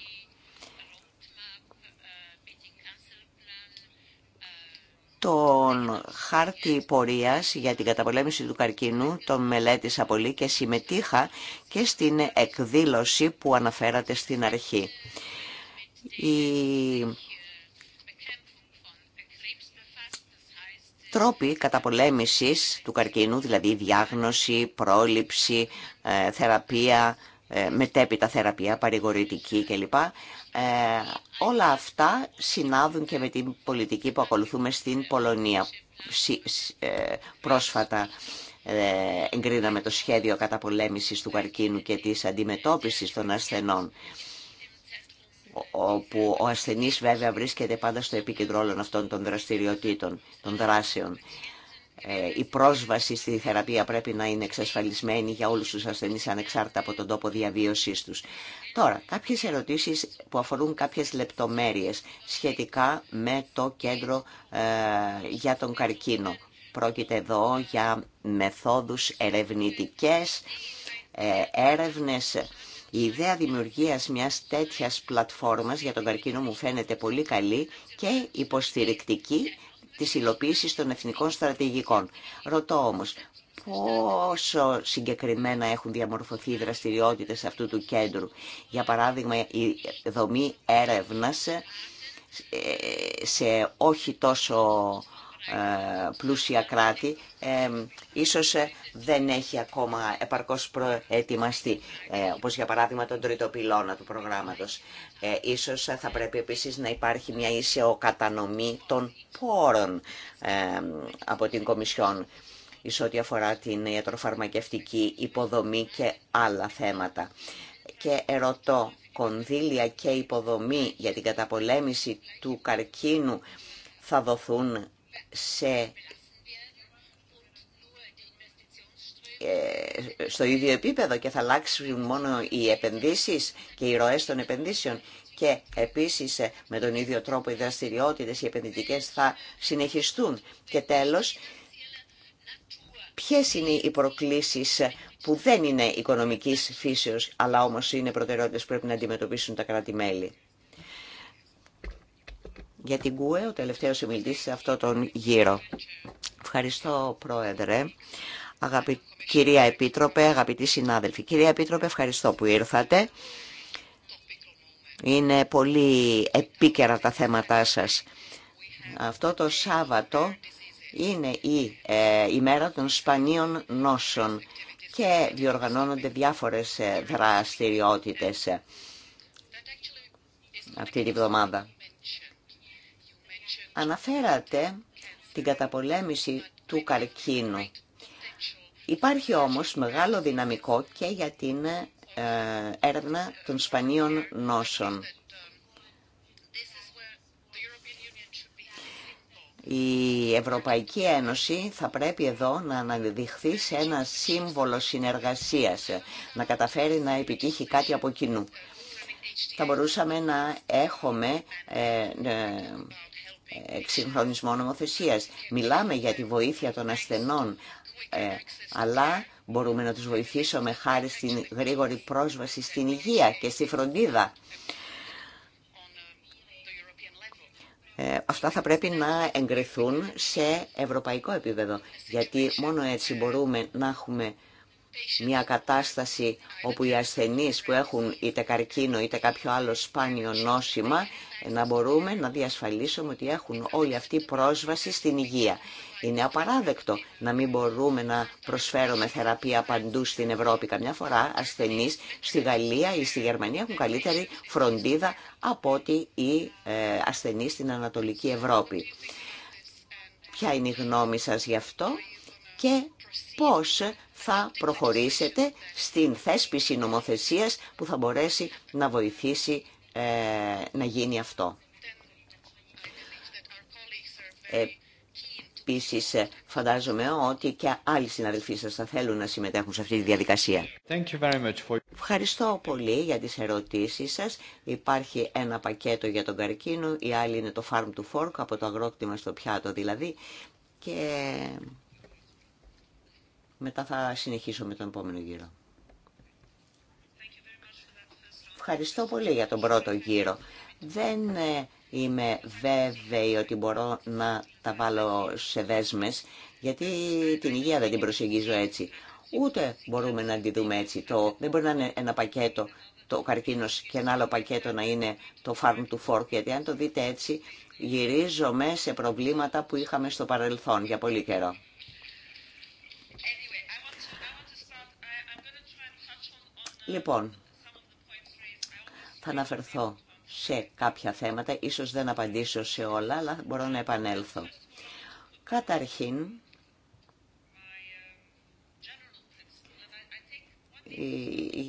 τον χάρτη πορείας για την καταπολέμηση του καρκίνου, τον μελέτησα πολύ και συμμετείχα και στην εκδήλωση που αναφέρατε στην αρχή. Η... Τρόποι καταπολέμησης του καρκίνου, δηλαδή διάγνωση, πρόληψη, ε, θεραπεία, ε, μετέπειτα θεραπεία, παρηγορητική κλπ. Ε, όλα αυτά συνάδουν και με την πολιτική που ακολουθούμε στην Πολωνία. Ε, πρόσφατα ε, εγκρίναμε το σχέδιο καταπολέμησης του καρκίνου και της αντιμετώπισης των ασθενών όπου ο ασθενής βέβαια βρίσκεται πάντα στο επίκεντρο όλων αυτών των δραστηριοτήτων, των δράσεων. Η πρόσβαση στη θεραπεία πρέπει να είναι εξασφαλισμένη για όλους τους ασθενείς ανεξάρτητα από τον τόπο διαβίωσής τους. Τώρα, κάποιες ερωτήσεις που αφορούν κάποιες λεπτομέρειες σχετικά με το κέντρο ε, για τον καρκίνο. Πρόκειται εδώ για μεθόδους ερευνητικές, ε, έρευνες. Η ιδέα δημιουργίας μιας τέτοιας πλατφόρμας για τον καρκίνο μου φαίνεται πολύ καλή και υποστηρικτική της υλοποίησης των εθνικών στρατηγικών. Ρωτώ όμως, πόσο συγκεκριμένα έχουν διαμορφωθεί οι δραστηριότητες αυτού του κέντρου. Για παράδειγμα, η δομή έρευνας ε, σε όχι τόσο ε, πλούσια κράτη ε, ίσως δεν έχει ακόμα επαρκώς προετοιμαστεί όπως για παράδειγμα τον τρίτο πυλώνα του προγράμματος. Ίσως θα πρέπει επίσης να υπάρχει μια ίσαιο κατανομή των πόρων από την Κομισιόν σε ό,τι αφορά την ιατροφαρμακευτική υποδομή και άλλα θέματα. Και ερωτώ, κονδύλια και υποδομή για την καταπολέμηση του καρκίνου θα δοθούν σε ε, στο ίδιο επίπεδο και θα αλλάξουν μόνο οι επενδύσεις και οι ροές των επενδύσεων και επίσης ε, με τον ίδιο τρόπο οι δραστηριότητες, οι επενδυτικές θα συνεχιστούν. Και τέλος, Ποιες είναι οι προκλήσεις που δεν είναι οικονομικής φύσεως, αλλά όμως είναι προτεραιότητες που πρέπει να αντιμετωπίσουν τα κράτη-μέλη. Για την ΚΟΕ, ο τελευταίος συμμιλητής σε αυτό τον γύρο. Ευχαριστώ, Πρόεδρε. Κυρία Επίτροπε, αγαπητοί συνάδελφοι. Κυρία Επίτροπε, ευχαριστώ που ήρθατε. Είναι πολύ επίκαιρα τα θέματά σας. Αυτό το Σάββατο είναι η ε, ημέρα των σπανίων νόσων και διοργανώνονται διάφορες ε, δραστηριότητες ε, αυτή τη βδομάδα. Αναφέρατε την καταπολέμηση του καρκίνου. Υπάρχει όμως μεγάλο δυναμικό και για την έρευνα των σπανίων νόσων. Η Ευρωπαϊκή Ένωση θα πρέπει εδώ να αναδειχθεί σε ένα σύμβολο συνεργασίας, να καταφέρει να επιτύχει κάτι από κοινού. Θα μπορούσαμε να έχουμε ε, ε, εξυγχρονισμό νομοθεσίας. Μιλάμε για τη βοήθεια των ασθενών, ε, αλλά μπορούμε να τους βοηθήσουμε χάρη στην γρήγορη πρόσβαση στην υγεία και στη φροντίδα. Ε, αυτά θα πρέπει να εγκριθούν σε ευρωπαϊκό επίπεδο, γιατί μόνο έτσι μπορούμε να έχουμε μια κατάσταση όπου οι ασθενείς που έχουν είτε καρκίνο είτε κάποιο άλλο σπάνιο νόσημα να μπορούμε να διασφαλίσουμε ότι έχουν όλοι αυτοί πρόσβαση στην υγεία. Είναι απαράδεκτο να μην μπορούμε να προσφέρουμε θεραπεία παντού στην Ευρώπη. Καμιά φορά ασθενεί στη Γαλλία ή στη Γερμανία έχουν καλύτερη φροντίδα από ότι οι ε, ασθενείς στην Ανατολική Ευρώπη. Ποια είναι η γνώμη σας γι' αυτό και πώς θα προχωρήσετε στην θέσπιση νομοθεσίας που θα μπορέσει να βοηθήσει ε, να γίνει αυτό. Ε, Επίση ε, φαντάζομαι ότι και άλλοι συναδελφοί σας θα θέλουν να συμμετέχουν σε αυτή τη διαδικασία. Ευχαριστώ πολύ για τις ερωτήσεις σας. Υπάρχει ένα πακέτο για τον καρκίνο, η άλλη είναι το Farm to Fork, από το αγρόκτημα στο πιάτο δηλαδή. Και μετά θα συνεχίσω με τον επόμενο γύρο. Ευχαριστώ πολύ για τον πρώτο γύρο. Δεν ε, είμαι βέβαιη ότι μπορώ να τα βάλω σε δέσμες, γιατί την υγεία δεν την προσεγγίζω έτσι. Ούτε μπορούμε να τη δούμε έτσι. Το, δεν μπορεί να είναι ένα πακέτο το καρκίνος και ένα άλλο πακέτο να είναι το farm to fork, γιατί αν το δείτε έτσι γυρίζομαι σε προβλήματα που είχαμε στο παρελθόν για πολύ καιρό. Uh, λοιπόν, θα αναφερθώ σε κάποια θέματα. Ίσως δεν απαντήσω σε όλα, αλλά μπορώ να επανέλθω. Καταρχήν,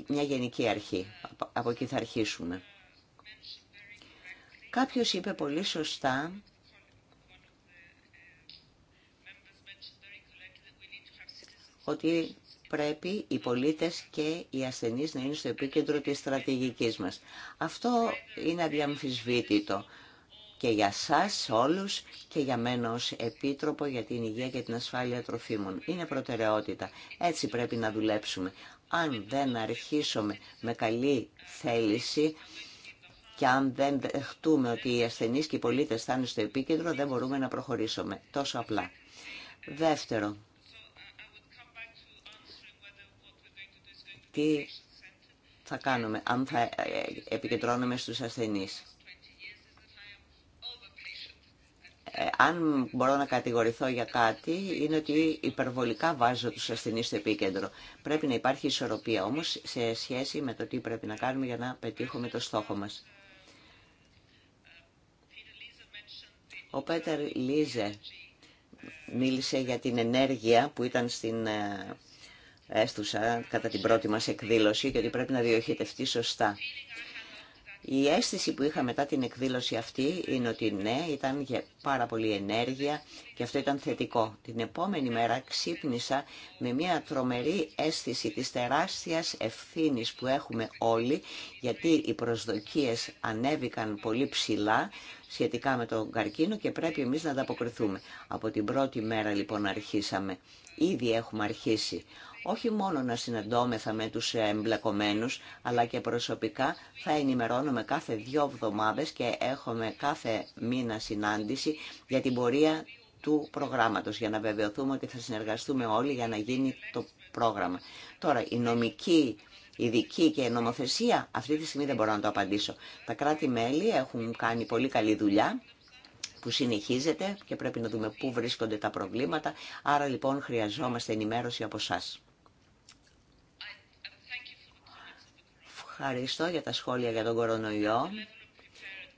μια γενική αρχή. Από εκεί θα αρχίσουμε. Κάποιος είπε πολύ σωστά ότι πρέπει οι πολίτες και οι ασθενείς να είναι στο επίκεντρο της στρατηγικής μας. Αυτό είναι αδιαμφισβήτητο και για σας όλους και για μένα ως Επίτροπο για την Υγεία και την Ασφάλεια Τροφίμων. Είναι προτεραιότητα. Έτσι πρέπει να δουλέψουμε. Αν δεν αρχίσουμε με καλή θέληση και αν δεν δεχτούμε ότι οι ασθενείς και οι πολίτες θα είναι στο επίκεντρο, δεν μπορούμε να προχωρήσουμε. Τόσο απλά. Δεύτερο, τι θα κάνουμε, αν θα επικεντρώνουμε στους ασθενείς. Ε, αν μπορώ να κατηγορηθώ για κάτι, είναι ότι υπερβολικά βάζω τους ασθενείς στο επίκεντρο. Πρέπει να υπάρχει ισορροπία όμως σε σχέση με το τι πρέπει να κάνουμε για να πετύχουμε το στόχο μας. Ο Πέτερ Λίζε μίλησε για την ενέργεια που ήταν στην ε, έστουσα κατά την πρώτη μας εκδήλωση και ότι πρέπει να διοχετευτεί σωστά. Η αίσθηση που είχα μετά την εκδήλωση αυτή είναι ότι ναι, ήταν για πάρα πολύ ενέργεια και αυτό ήταν θετικό. Την επόμενη μέρα ξύπνησα με μια τρομερή αίσθηση της τεράστιας ευθύνης που έχουμε όλοι, γιατί οι προσδοκίες ανέβηκαν πολύ ψηλά σχετικά με τον καρκίνο και πρέπει εμείς να ανταποκριθούμε. Από την πρώτη μέρα λοιπόν αρχίσαμε. Ήδη έχουμε αρχίσει όχι μόνο να συναντώμεθα με τους εμπλεκομένους, αλλά και προσωπικά θα ενημερώνουμε κάθε δύο εβδομάδες και έχουμε κάθε μήνα συνάντηση για την πορεία του προγράμματος, για να βεβαιωθούμε ότι θα συνεργαστούμε όλοι για να γίνει το πρόγραμμα. Τώρα, η νομική ειδική και νομοθεσία, αυτή τη στιγμή δεν μπορώ να το απαντήσω. Τα κράτη-μέλη έχουν κάνει πολύ καλή δουλειά που συνεχίζεται και πρέπει να δούμε πού βρίσκονται τα προβλήματα. Άρα λοιπόν χρειαζόμαστε ενημέρωση από εσά. ευχαριστώ για τα σχόλια για τον κορονοϊό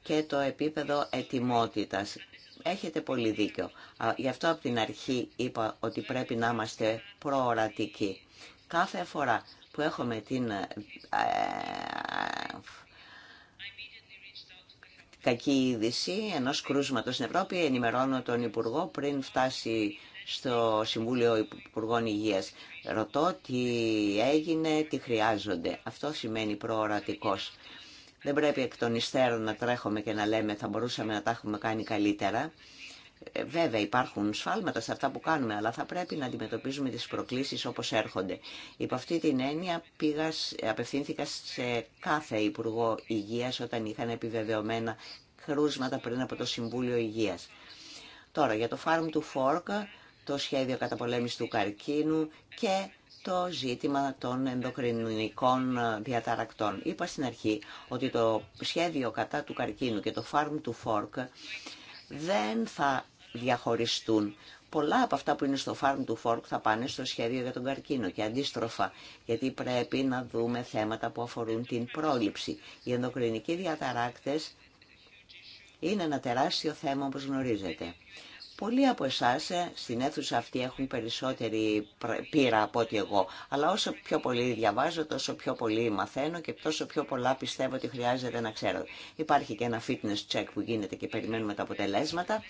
και το επίπεδο ετοιμότητας. Έχετε πολύ δίκιο. Γι' αυτό από την αρχή είπα ότι πρέπει να είμαστε προορατικοί. Κάθε φορά που έχουμε την ε, ε, κακή είδηση ενός κρούσματος στην Ευρώπη, ενημερώνω τον Υπουργό πριν φτάσει στο Συμβούλιο Υπουργών Υγείας. Ρωτώ τι έγινε, τι χρειάζονται. Αυτό σημαίνει προορατικός. Δεν πρέπει εκ των υστέρων να τρέχουμε και να λέμε θα μπορούσαμε να τα έχουμε κάνει καλύτερα. Ε, βέβαια υπάρχουν σφάλματα σε αυτά που κάνουμε, αλλά θα πρέπει να αντιμετωπίζουμε τις προκλήσεις όπως έρχονται. Υπό αυτή την έννοια πήγα, απευθύνθηκα σε κάθε Υπουργό Υγείας όταν είχαν επιβεβαιωμένα κρούσματα πριν από το Συμβούλιο Υγείας. Τώρα για το Farm to Fork το σχέδιο καταπολέμησης του καρκίνου και το ζήτημα των ενδοκρινικών διαταρακτών. Είπα στην αρχή ότι το σχέδιο κατά του καρκίνου και το Farm to Fork δεν θα διαχωριστούν. Πολλά από αυτά που είναι στο Farm to Fork θα πάνε στο σχέδιο για τον καρκίνο και αντίστροφα, γιατί πρέπει να δούμε θέματα που αφορούν την πρόληψη. Οι ενδοκρινικοί διαταράκτες είναι ένα τεράστιο θέμα όπως γνωρίζετε. Πολλοί από εσά ε, στην αίθουσα αυτή έχουν περισσότερη πείρα από ό,τι εγώ. Αλλά όσο πιο πολύ διαβάζω, τόσο πιο πολύ μαθαίνω και τόσο πιο πολλά πιστεύω ότι χρειάζεται να ξέρω. Υπάρχει και ένα fitness check που γίνεται και περιμένουμε τα αποτελέσματα.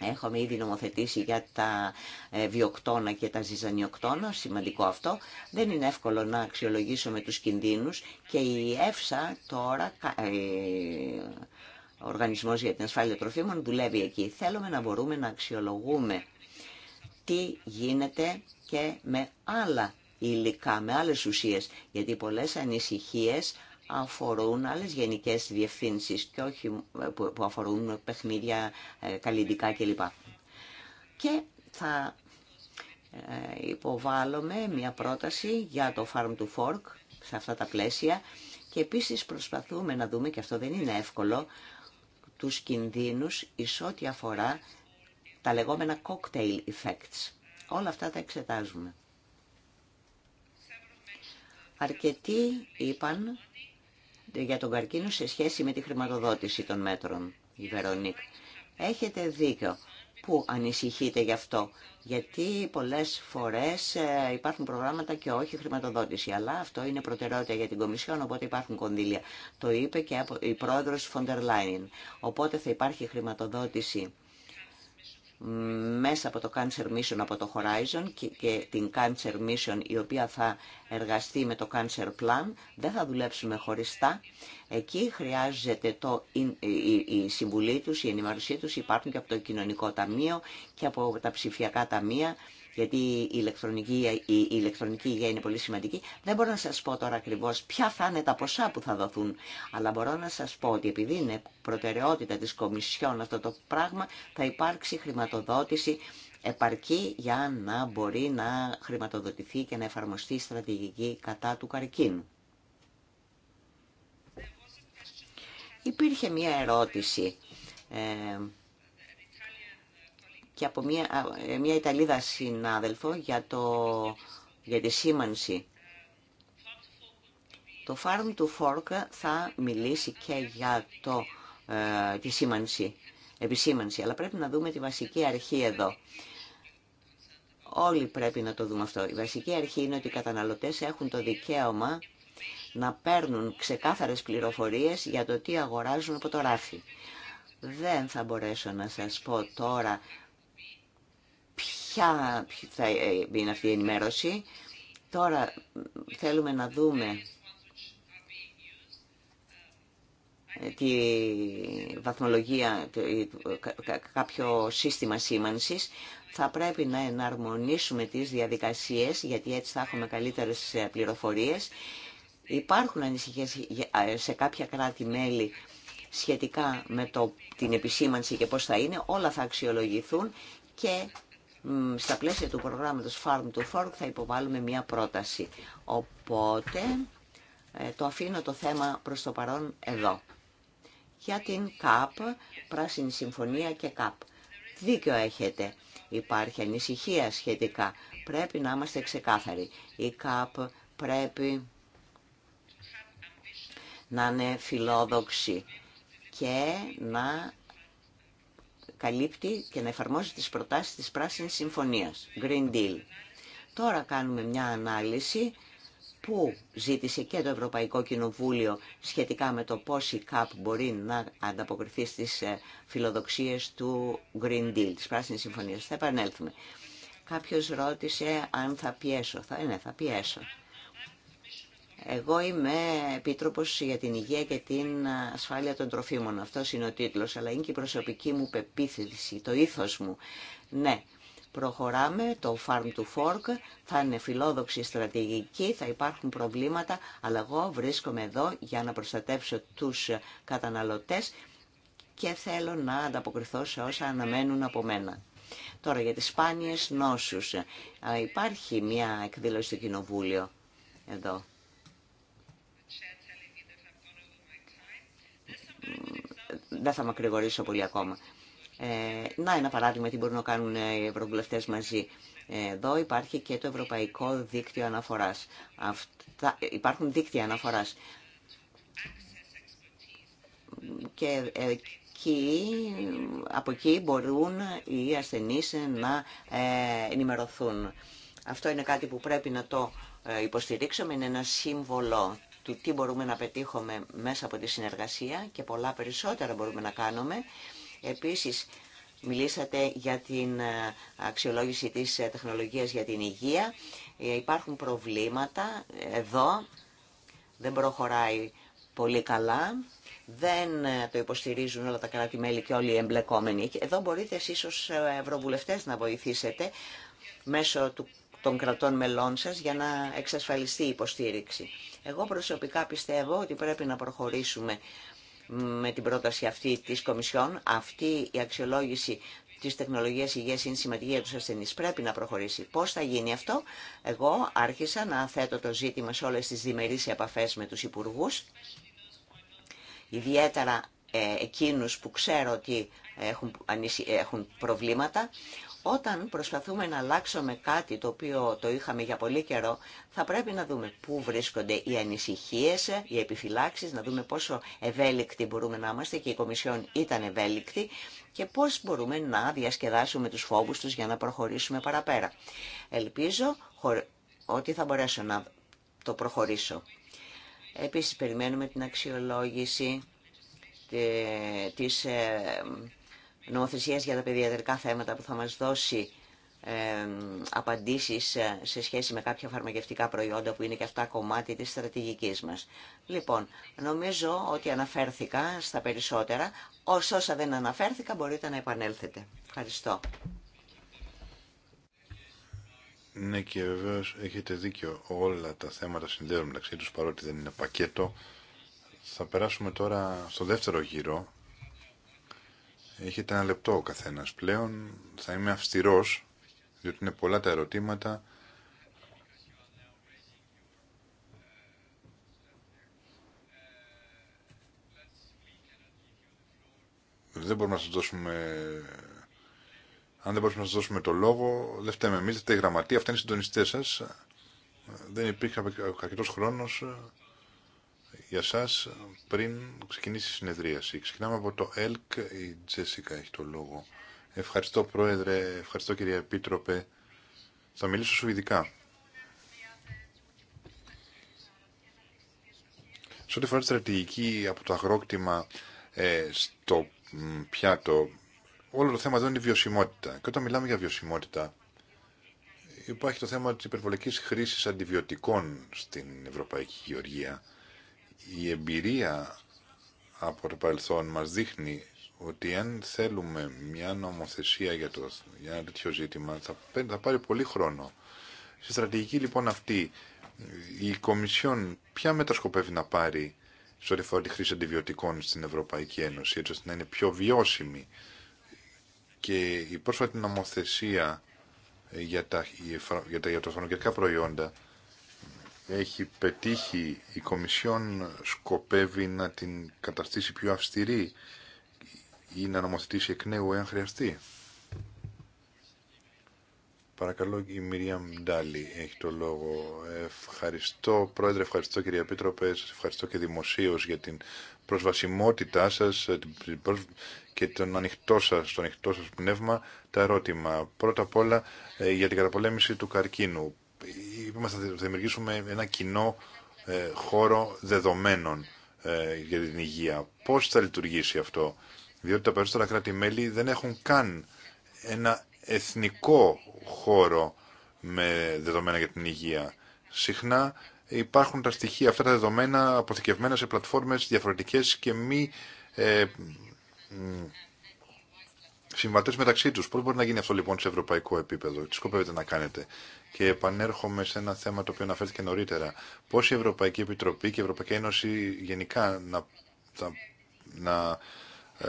Έχουμε ήδη νομοθετήσει για τα ε, βιοκτώνα και τα ζυζανιοκτώνα, σημαντικό αυτό. Δεν είναι εύκολο να αξιολογήσουμε τους κινδύνους και η ΕΦΣΑ τώρα ε, ο Οργανισμός για την Ασφάλεια Τροφίμων δουλεύει εκεί. Θέλουμε να μπορούμε να αξιολογούμε τι γίνεται και με άλλα υλικά, με άλλες ουσίες, γιατί πολλές ανησυχίες αφορούν άλλες γενικές διευθύνσεις και όχι ε, που αφορούν παιχνίδια, ε, καλλιντικά κλπ. Και θα ε, υποβάλλουμε μια πρόταση για το Farm to Fork σε αυτά τα πλαίσια και επίσης προσπαθούμε να δούμε, και αυτό δεν είναι εύκολο, τους κινδύνους εις ό,τι αφορά τα λεγόμενα cocktail effects. Όλα αυτά τα εξετάζουμε. Αρκετοί είπαν για τον καρκίνο σε σχέση με τη χρηματοδότηση των μέτρων, η Βερονίκ. Έχετε δίκιο που ανησυχείτε γι' αυτό. Γιατί πολλές φορές ε, υπάρχουν προγράμματα και όχι χρηματοδότηση. Αλλά αυτό είναι προτεραιότητα για την Κομισιόν, οπότε υπάρχουν κονδύλια. Το είπε και η πρόεδρος Φοντερ Λάιν. Οπότε θα υπάρχει χρηματοδότηση μέσα από το Cancer Mission από το Horizon και την Cancer Mission η οποία θα εργαστεί με το Cancer Plan. Δεν θα δουλέψουμε χωριστά. Εκεί χρειάζεται το, η, η, η συμβουλή τους, η ενημερωσία τους. Υπάρχουν και από το Κοινωνικό Ταμείο και από τα ψηφιακά ταμεία γιατί η ηλεκτρονική, η ηλεκτρονική υγεία είναι πολύ σημαντική. Δεν μπορώ να σας πω τώρα ακριβώς ποια θα είναι τα ποσά που θα δοθούν, αλλά μπορώ να σας πω ότι επειδή είναι προτεραιότητα της Κομισιόν αυτό το πράγμα, θα υπάρξει χρηματοδότηση επαρκή για να μπορεί να χρηματοδοτηθεί και να εφαρμοστεί η στρατηγική κατά του καρκίνου. Υπήρχε μία ερώτηση ε, και από μια, μια ε, Ιταλίδα συνάδελφο για, το, για τη σήμανση. Το Farm to Fork θα μιλήσει και για το, ε, τη σήμανση, επισήμανση, αλλά πρέπει να δούμε τη βασική αρχή εδώ. Όλοι πρέπει να το δούμε αυτό. Η βασική αρχή είναι ότι οι καταναλωτές έχουν το δικαίωμα να παίρνουν ξεκάθαρες πληροφορίες για το τι αγοράζουν από το ράφι. Δεν θα μπορέσω να σας πω τώρα ποια θα ε, είναι αυτή η ενημέρωση. Τώρα θέλουμε να δούμε ε, τη βαθμολογία, ε, κάποιο σύστημα σήμανσης. Θα πρέπει να εναρμονίσουμε τις διαδικασίες, γιατί έτσι θα έχουμε καλύτερες πληροφορίες. Υπάρχουν ανησυχίες σε κάποια κράτη-μέλη σχετικά με το, την επισήμανση και πώς θα είναι. Όλα θα αξιολογηθούν και στα πλαίσια του προγράμματος Farm to Fork θα υποβάλουμε μια πρόταση. Οπότε ε, το αφήνω το θέμα προς το παρόν εδώ. Για την ΚΑΠ, Πράσινη Συμφωνία και ΚΑΠ. Δίκιο έχετε. Υπάρχει ανησυχία σχετικά. Πρέπει να είμαστε ξεκάθαροι. Η ΚΑΠ πρέπει να είναι φιλόδοξη και να καλύπτει και να εφαρμόζει τις προτάσεις της Πράσινης Συμφωνίας, Green Deal. Τώρα κάνουμε μια ανάλυση που ζήτησε και το Ευρωπαϊκό Κοινοβούλιο σχετικά με το πώς η ΚΑΠ μπορεί να ανταποκριθεί στις ε, φιλοδοξίες του Green Deal, της Πράσινης Συμφωνίας. Θα επανέλθουμε. Κάποιος ρώτησε αν θα πιέσω. Θα, ε, ναι, θα πιέσω. Εγώ είμαι επίτροπο για την υγεία και την ασφάλεια των τροφίμων. Αυτό είναι ο τίτλος, αλλά είναι και η προσωπική μου πεποίθηση, το ήθο μου. Ναι, προχωράμε, το Farm to Fork θα είναι φιλόδοξη στρατηγική, θα υπάρχουν προβλήματα, αλλά εγώ βρίσκομαι εδώ για να προστατεύσω τους καταναλωτές και θέλω να ανταποκριθώ σε όσα αναμένουν από μένα. Τώρα για τις σπάνιες νόσους. Υπάρχει μια εκδήλωση του Κοινοβούλιο εδώ δεν θα μακρηγορήσω πολύ ακόμα. Ε, να ένα παράδειγμα τι μπορούν να κάνουν οι ευρωβουλευτέ μαζί. Ε, εδώ υπάρχει και το Ευρωπαϊκό Δίκτυο Αναφοράς. Αυτά, υπάρχουν δίκτυα αναφοράς. Και εκεί, από εκεί μπορούν οι ασθενείς να ε, ενημερωθούν. Αυτό είναι κάτι που πρέπει να το ε, υποστηρίξουμε. Είναι ένα σύμβολο του τι μπορούμε να πετύχουμε μέσα από τη συνεργασία και πολλά περισσότερα μπορούμε να κάνουμε. Επίσης, μιλήσατε για την ε, αξιολόγηση της ε, τεχνολογίας για την υγεία. Ε, υπάρχουν προβλήματα εδώ, δεν προχωράει πολύ καλά, δεν το υποστηρίζουν όλα τα κράτη-μέλη και όλοι οι εμπλεκόμενοι. Εδώ μπορείτε εσείς ως ευρωβουλευτές να βοηθήσετε μέσω του των κρατών μελών σας για να εξασφαλιστεί η υποστήριξη. Εγώ προσωπικά πιστεύω ότι πρέπει να προχωρήσουμε με την πρόταση αυτή της Κομισιόν. Αυτή η αξιολόγηση της τεχνολογίας υγείας είναι σημαντική για του ασθενείς. Πρέπει να προχωρήσει. Πώς θα γίνει αυτό, Εγώ άρχισα να θέτω το ζήτημα σε όλες τις διμερείς επαφέ με τους υπουργού, ιδιαίτερα ε, εκείνους που ξέρω ότι έχουν προβλήματα, όταν προσπαθούμε να αλλάξουμε κάτι το οποίο το είχαμε για πολύ καιρό, θα πρέπει να δούμε πού βρίσκονται οι ανησυχίες, οι επιφυλάξεις, να δούμε πόσο ευέλικτοι μπορούμε να είμαστε και η Κομισιόν ήταν ευέλικτη και πώς μπορούμε να διασκεδάσουμε τους φόβους τους για να προχωρήσουμε παραπέρα. Ελπίζω ότι θα μπορέσω να το προχωρήσω. Επίσης περιμένουμε την αξιολόγηση ε, της ε, Νομοθεσία για τα παιδιατρικά θέματα που θα μας δώσει ε, απαντήσεις σε σχέση με κάποια φαρμακευτικά προϊόντα που είναι και αυτά κομμάτι της στρατηγικής μας. Λοιπόν, νομίζω ότι αναφέρθηκα στα περισσότερα. Όσο όσα δεν αναφέρθηκα μπορείτε να επανέλθετε. Ευχαριστώ. Ναι και βεβαίω έχετε δίκιο. Όλα τα θέματα συνδέονται μεταξύ τους παρότι δεν είναι πακέτο. Θα περάσουμε τώρα στο δεύτερο γύρο Έχετε ένα λεπτό ο καθένας πλέον. Θα είμαι αυστηρός, διότι είναι πολλά τα ερωτήματα. Δεν μπορούμε να σας δώσουμε... Αν δεν μπορούμε να σας δώσουμε το λόγο, δεν φταίμε εμείς, δεν φταίει η γραμματεία, αυτά είναι οι συντονιστές σας. Δεν υπήρχε αρκετός χρόνος για σας πριν ξεκινήσει η συνεδρίαση. Ξεκινάμε από το ΕΛΚ, η Τζέσικα έχει το λόγο. Ευχαριστώ Πρόεδρε, ευχαριστώ κυρία Επίτροπε. Θα μιλήσω σου ειδικά. Σε ό,τι αφορά τη στρατηγική από το αγρόκτημα ε, στο πιάτο, όλο το θέμα εδώ είναι η βιωσιμότητα. Και όταν μιλάμε για βιωσιμότητα, υπάρχει το θέμα της υπερβολικής χρήσης αντιβιωτικών στην Ευρωπαϊκή Γεωργία η εμπειρία από το παρελθόν μας δείχνει ότι αν θέλουμε μια νομοθεσία για, το, για ένα τέτοιο ζήτημα θα, θα πάρει πολύ χρόνο. Στη στρατηγική λοιπόν αυτή η Κομισιόν ποια μετάσκοπεύει να πάρει σε ό,τι αφορά τη χρήση αντιβιωτικών στην Ευρωπαϊκή Ένωση έτσι ώστε να είναι πιο βιώσιμη και η πρόσφατη νομοθεσία ε, για τα, για τα προϊόντα έχει πετύχει η Κομισιόν σκοπεύει να την καταστήσει πιο αυστηρή ή να νομοθετήσει εκ νέου εάν χρειαστεί. Παρακαλώ η Μυρία Μντάλη έχει το λόγο. Ευχαριστώ Πρόεδρε, ευχαριστώ κυρία Πίτροπε, ευχαριστώ και δημοσίω για την προσβασιμότητά σας και τον ανοιχτό σας, τον ανοιχτό σας πνεύμα. Τα ερώτημα πρώτα απ' όλα ε, για την καταπολέμηση του καρκίνου. Είπαμε ότι θα δημιουργήσουμε ένα κοινό ε, χώρο δεδομένων ε, για την υγεία. Πώς θα λειτουργήσει αυτό, διότι τα περισσότερα κράτη-μέλη δεν έχουν καν ένα εθνικό χώρο με δεδομένα για την υγεία. Συχνά υπάρχουν τα στοιχεία, αυτά τα δεδομένα αποθηκευμένα σε πλατφόρμες διαφορετικές και μη ε, συμβατέ μεταξύ του. Πώ μπορεί να γίνει αυτό λοιπόν σε ευρωπαϊκό επίπεδο, τι σκοπεύετε να κάνετε. Και επανέρχομαι σε ένα θέμα το οποίο αναφέρθηκε νωρίτερα. Πώ η Ευρωπαϊκή Επιτροπή και η Ευρωπαϊκή Ένωση γενικά να, να, ε,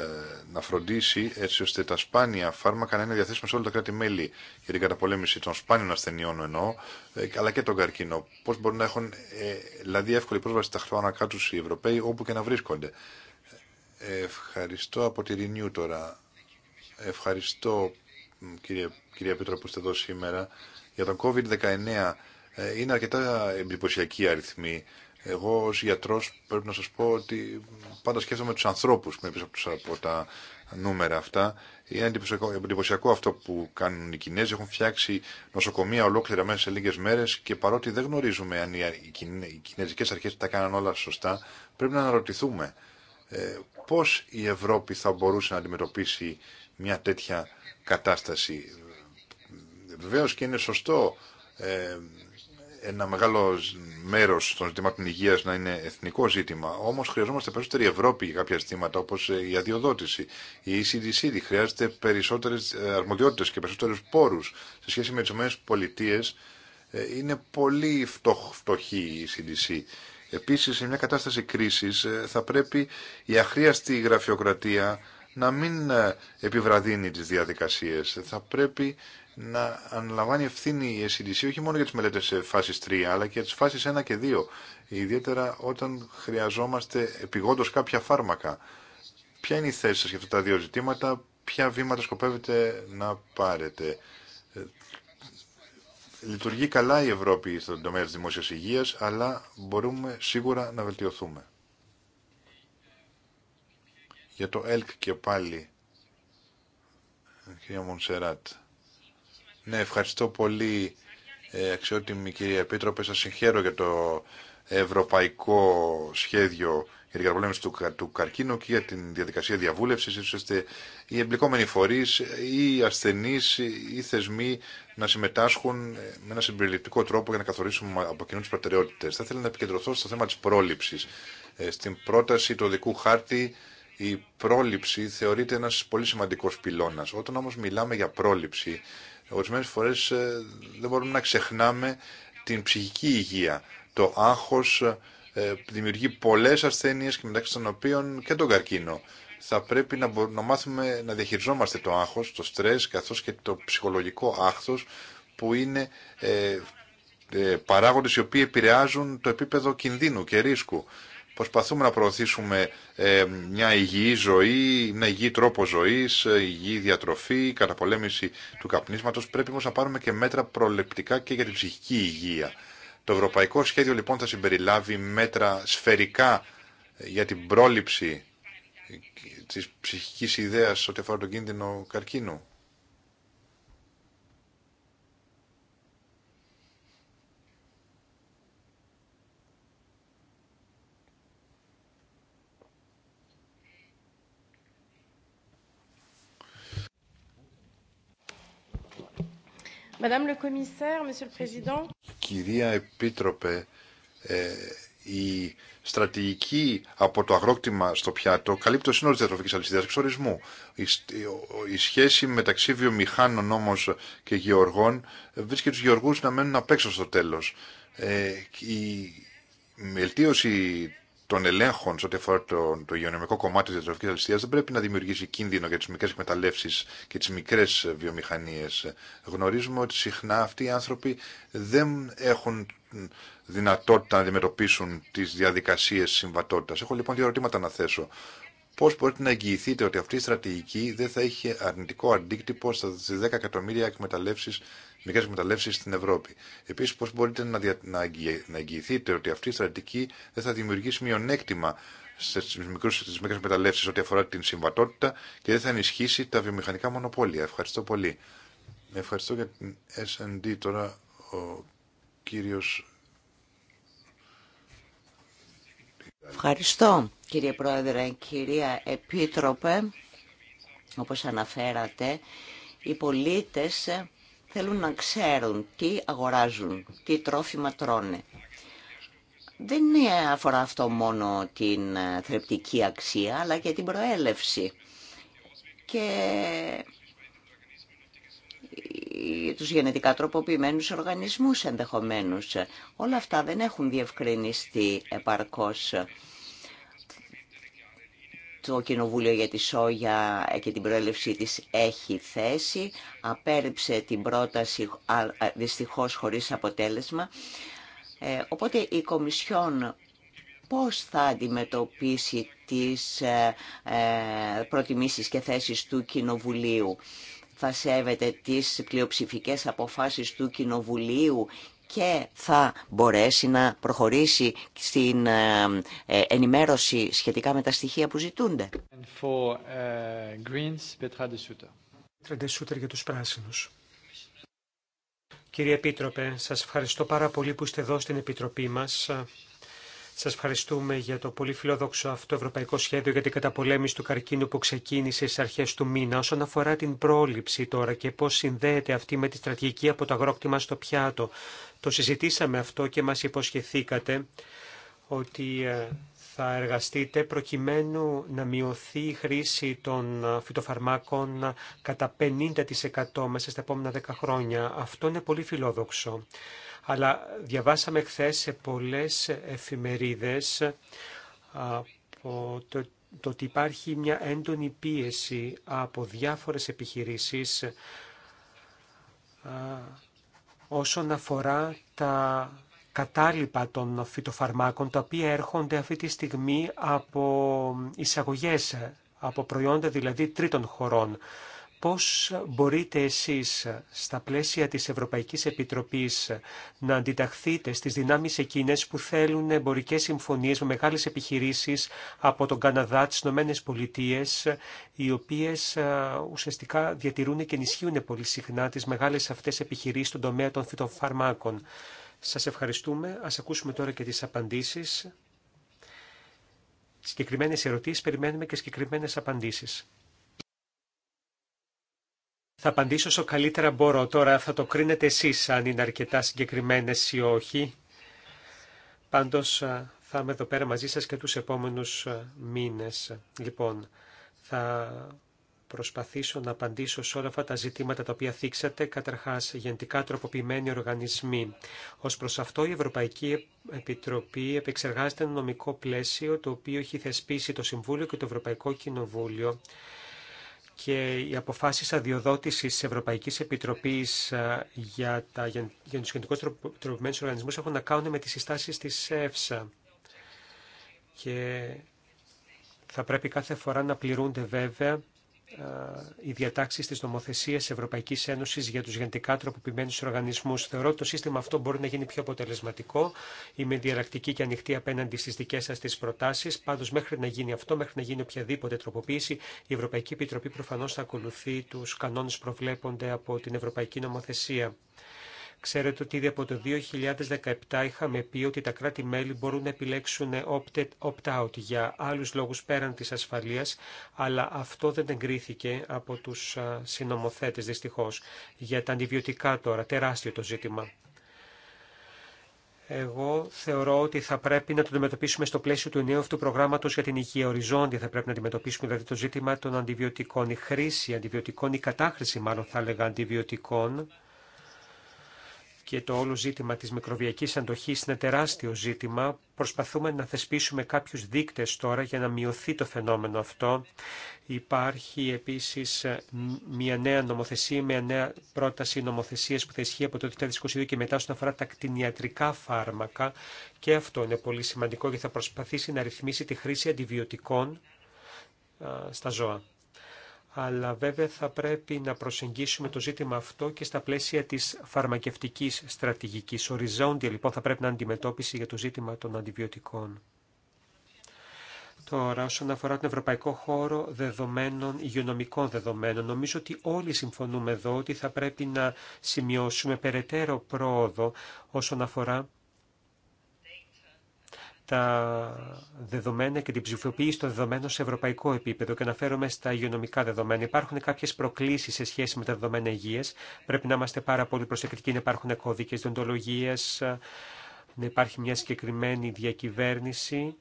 να φροντίσει έτσι ώστε τα σπάνια φάρμακα να είναι διαθέσιμα σε όλα τα κράτη-μέλη για την καταπολέμηση των σπάνιων ασθενειών εννοώ, ε, αλλά και τον καρκίνο. Πώ μπορούν να έχουν ε, δηλαδή εύκολη πρόσβαση στα χρώματα του οι Ευρωπαίοι όπου και να βρίσκονται. Ε, ευχαριστώ από τη Renew τώρα. Ευχαριστώ κύριε, κυρία Πέτρο που είστε εδώ σήμερα. Για τον COVID-19 ε, είναι αρκετά εντυπωσιακή αριθμή. Εγώ ως γιατρός πρέπει να σας πω ότι πάντα σκέφτομαι τους ανθρώπους με πίσω από τα νούμερα αυτά. Είναι εντυπωσιακό, αυτό που κάνουν οι Κινέζοι. Έχουν φτιάξει νοσοκομεία ολόκληρα μέσα σε λίγες μέρες και παρότι δεν γνωρίζουμε αν οι κινέζικες αρχές τα κάναν όλα σωστά, πρέπει να αναρωτηθούμε ε, πώς η Ευρώπη θα μπορούσε να αντιμετωπίσει μια τέτοια κατάσταση. Βεβαίω και είναι σωστό ε, ένα μεγάλο μέρο των ζητημάτων υγεία να είναι εθνικό ζήτημα. Όμω χρειαζόμαστε περισσότερη Ευρώπη για κάποια ζητήματα όπω ε, η αδειοδότηση. Η ECDC χρειάζεται περισσότερε αρμοδιότητε και περισσότερου πόρου σε σχέση με τι ΗΠΑ. Ε, είναι πολύ φτωχ, φτωχή η ECDC. Επίσης, σε μια κατάσταση κρίσης ε, θα πρέπει η αχρίαστη γραφειοκρατία να μην ε, επιβραδύνει τις διαδικασίες. Θα πρέπει να αναλαμβάνει ευθύνη η SEDC όχι μόνο για τις μελέτες σε φάσεις 3 αλλά και για τις φάσεις 1 και 2. Ιδιαίτερα όταν χρειαζόμαστε επιγόντως κάποια φάρμακα. Ποια είναι η θέση σας για αυτά τα δύο ζητήματα, ποια βήματα σκοπεύετε να πάρετε. Ε, λειτουργεί καλά η Ευρώπη στον τομέα της δημόσιας υγείας, αλλά μπορούμε σίγουρα να βελτιωθούμε. Για το ΕΛΚ και πάλι, κυρία Μονσεράτ. Ναι, ευχαριστώ πολύ, ε, αξιότιμη κυρία Επίτροπε. Σας συγχαίρω για το ευρωπαϊκό σχέδιο για την καταπολέμηση του, του καρκίνου και για την διαδικασία διαβούλευση, Ίσως ώστε οι εμπλεκόμενοι φορεί, οι ασθενεί, οι θεσμοί να συμμετάσχουν ε, με ένα συμπεριληπτικό τρόπο για να καθορίσουμε από κοινού τι προτεραιότητε. Θα ήθελα να επικεντρωθώ στο θέμα τη πρόληψη. Ε, στην πρόταση του δικού χάρτη η πρόληψη θεωρείται ένας πολύ σημαντικός πυλώνας. Όταν όμως μιλάμε για πρόληψη, ορισμένες φορές ε, δεν μπορούμε να ξεχνάμε την ψυχική υγεία. Το άγχος ε, δημιουργεί πολλές ασθένειες και μεταξύ των οποίων και τον καρκίνο. Θα πρέπει να, μάθουμε να διαχειριζόμαστε το άγχος, το στρες, καθώς και το ψυχολογικό άχθος που είναι ε, ε, παράγοντες οι οποίοι επηρεάζουν το επίπεδο κινδύνου και ρίσκου. Προσπαθούμε να προωθήσουμε ε, μια υγιή ζωή, μια υγιή τρόπο ζωής, υγιή διατροφή, καταπολέμηση του καπνίσματος. Πρέπει όμως να πάρουμε και μέτρα προλεπτικά και για την ψυχική υγεία. Το ευρωπαϊκό σχέδιο λοιπόν θα συμπεριλάβει μέτρα σφαιρικά ε, για την πρόληψη ε, της ψυχικής ιδέας ό,τι αφορά τον κίνδυνο καρκίνου. Madame le commissaire, monsieur le président. Κυρία Επίτροπε, ε, η στρατηγική από το αγρόκτημα στο πιάτο καλύπτει το σύνολο της διατροφική αλυσίδα εξορισμού. Η, η, σχέση μεταξύ βιομηχάνων όμω και γεωργών ε, βρίσκει τους γεωργούς να μένουν απ' έξω στο τέλος. Ε, η μελτίωση των ελέγχων σε ό,τι αφορά το, το υγειονομικό κομμάτι τη διατροφική δεν πρέπει να δημιουργήσει κίνδυνο για τι μικρέ εκμεταλλεύσει και τι μικρέ βιομηχανίε. Γνωρίζουμε ότι συχνά αυτοί οι άνθρωποι δεν έχουν δυνατότητα να αντιμετωπίσουν τι διαδικασίε συμβατότητα. Έχω λοιπόν δύο ερωτήματα να θέσω. Πώ μπορείτε να εγγυηθείτε ότι αυτή η στρατηγική δεν θα είχε αρνητικό αντίκτυπο στα 10 εκατομμύρια εκμεταλλεύσει μικρέ εκμεταλλεύσει στην Ευρώπη. Επίσης, πω μπορείτε να, να, να εγγυηθείτε ότι αυτή η στρατηγική δεν θα δημιουργήσει μειονέκτημα στις μικρέ στις ό,τι αφορά την συμβατότητα και δεν θα ενισχύσει τα βιομηχανικά μονοπόλια. Ευχαριστώ πολύ. Ευχαριστώ για την S&D τώρα ο κύριος... Ευχαριστώ κύριε Πρόεδρε, κυρία Επίτροπε, όπως αναφέρατε, οι πολίτες Θέλουν να ξέρουν τι αγοράζουν, τι τρόφιμα τρώνε. Δεν αφορά αυτό μόνο την ε, θρεπτική αξία, αλλά και την προέλευση. Και τους γενετικά τροποποιημένους οργανισμούς ενδεχομένους. Όλα αυτά δεν έχουν διευκρινιστεί επαρκώς. Το Κοινοβούλιο για τη Σόγια και την προέλευσή της έχει θέση. Απέρριψε την πρόταση δυστυχώς χωρίς αποτέλεσμα. Ε, οπότε η Κομισιόν πώς θα αντιμετωπίσει τις ε, ε, προτιμήσεις και θέσεις του Κοινοβουλίου. Θα σέβεται τις πλειοψηφικές αποφάσεις του Κοινοβουλίου και θα μπορέσει να προχωρήσει στην ε, ε, ενημέρωση σχετικά με τα στοιχεία που ζητούνται. For, ε, για τους πράσινους. Κύριε Επίτροπε, σας ευχαριστώ πάρα πολύ που είστε εδώ στην Επιτροπή μας Σα ευχαριστούμε για το πολύ φιλόδοξο αυτό ευρωπαϊκό σχέδιο για την καταπολέμηση του καρκίνου που ξεκίνησε στι αρχέ του μήνα. Όσον αφορά την πρόληψη τώρα και πώ συνδέεται αυτή με τη στρατηγική από το αγρόκτημα στο πιάτο. Το συζητήσαμε αυτό και μα υποσχεθήκατε ότι ε, θα εργαστείτε προκειμένου να μειωθεί η χρήση των φυτοφαρμάκων κατά 50% μέσα στα επόμενα 10 χρόνια. Αυτό είναι πολύ φιλόδοξο. Αλλά διαβάσαμε χθε σε πολλές εφημερίδες από το, το ότι υπάρχει μια έντονη πίεση από διάφορες επιχειρήσεις όσον αφορά τα κατάλοιπα των φυτοφαρμάκων, τα οποία έρχονται αυτή τη στιγμή από εισαγωγές, από προϊόντα δηλαδή τρίτων χωρών. Πώς μπορείτε εσείς στα πλαίσια της Ευρωπαϊκής Επιτροπής να αντιταχθείτε στις δυνάμεις εκείνες που θέλουν εμπορικέ συμφωνίες με μεγάλες επιχειρήσεις από τον Καναδά, τις Ηνωμένε Πολιτείε, οι οποίες ε, ουσιαστικά διατηρούν και ενισχύουν πολύ συχνά τις μεγάλες αυτές επιχειρήσεις στον τομέα των φυτοφαρμάκων. Σας ευχαριστούμε. Ας ακούσουμε τώρα και τις απαντήσεις. Συγκεκριμένες ερωτήσεις περιμένουμε και συγκεκριμένες απαντήσεις. Θα απαντήσω όσο καλύτερα μπορώ. Τώρα θα το κρίνετε εσείς αν είναι αρκετά συγκεκριμένες ή όχι. Πάντως θα είμαι εδώ πέρα μαζί σας και τους επόμενους μήνες. Λοιπόν, θα προσπαθήσω να απαντήσω σε όλα αυτά τα ζητήματα τα οποία θίξατε, καταρχά γενικά τροποποιημένοι οργανισμοί. Ω προ αυτό η Ευρωπαϊκή Επιτροπή επεξεργάζεται ένα νομικό πλαίσιο το οποίο έχει θεσπίσει το Συμβούλιο και το Ευρωπαϊκό Κοινοβούλιο και οι αποφάσει αδειοδότηση τη Ευρωπαϊκή Επιτροπή ε, για, τα, για, του τους έχουν να κάνουν με τι συστάσει τη ΕΦΣΑ. Και θα πρέπει κάθε φορά να πληρούνται βέβαια ε, οι διατάξει τη νομοθεσία Ευρωπαϊκή Ένωση για του γενετικά τροποποιημένου οργανισμού. Θεωρώ ότι το σύστημα αυτό μπορεί να γίνει πιο αποτελεσματικό. Είμαι διαλλακτική και ανοιχτή απέναντι στι δικέ σα τι προτάσει. Πάντω, μέχρι να γίνει αυτό, μέχρι να γίνει οποιαδήποτε τροποποίηση, η Ευρωπαϊκή Επιτροπή προφανώ θα ακολουθεί του κανόνε προβλέπονται από την Ευρωπαϊκή Νομοθεσία. Ξέρετε ότι ήδη από το 2017 είχαμε πει ότι τα κράτη-μέλη μπορούν να επιλέξουν opt-out για άλλους λόγους πέραν της ασφαλείας, αλλά αυτό δεν εγκρίθηκε από τους συνομοθέτες δυστυχώς. Για τα αντιβιωτικά τώρα, τεράστιο το ζήτημα. Εγώ θεωρώ ότι θα πρέπει να το αντιμετωπίσουμε στο πλαίσιο του νέου αυτού προγράμματο για την υγεία οριζόντια. Θα πρέπει να αντιμετωπίσουμε δηλαδή το ζήτημα των αντιβιωτικών, η χρήση αντιβιωτικών, η κατάχρηση μάλλον θα έλεγα αντιβιωτικών και το όλο ζήτημα της μικροβιακής αντοχής είναι τεράστιο ζήτημα. Προσπαθούμε να θεσπίσουμε κάποιους δείκτες τώρα για να μειωθεί το φαινόμενο αυτό. Υπάρχει επίσης ε, μια νέα νομοθεσία, μια νέα πρόταση νομοθεσίας που θα ισχύει από το 2022 και μετά όσον αφορά τα κτηνιατρικά φάρμακα και αυτό είναι πολύ σημαντικό γιατί θα προσπαθήσει να ρυθμίσει τη χρήση αντιβιωτικών ε, στα ζώα αλλά βέβαια θα πρέπει να προσεγγίσουμε το ζήτημα αυτό και στα πλαίσια της φαρμακευτικής στρατηγικής. Οριζόντια λοιπόν θα πρέπει να αντιμετώπιση για το ζήτημα των αντιβιωτικών. Τώρα, όσον αφορά τον Ευρωπαϊκό Χώρο Δεδομένων, Υγειονομικών Δεδομένων, νομίζω ότι όλοι συμφωνούμε εδώ ότι θα πρέπει να σημειώσουμε περαιτέρω πρόοδο όσον αφορά τα δεδομένα και την ψηφιοποίηση των δεδομένων σε ευρωπαϊκό επίπεδο και αναφέρομαι στα υγειονομικά δεδομένα. Υπάρχουν κάποιε προκλήσει σε σχέση με τα δεδομένα υγεία. Πρέπει να είμαστε πάρα πολύ προσεκτικοί να υπάρχουν κώδικε διοντολογία, να υπάρχει μια συγκεκριμένη διακυβέρνηση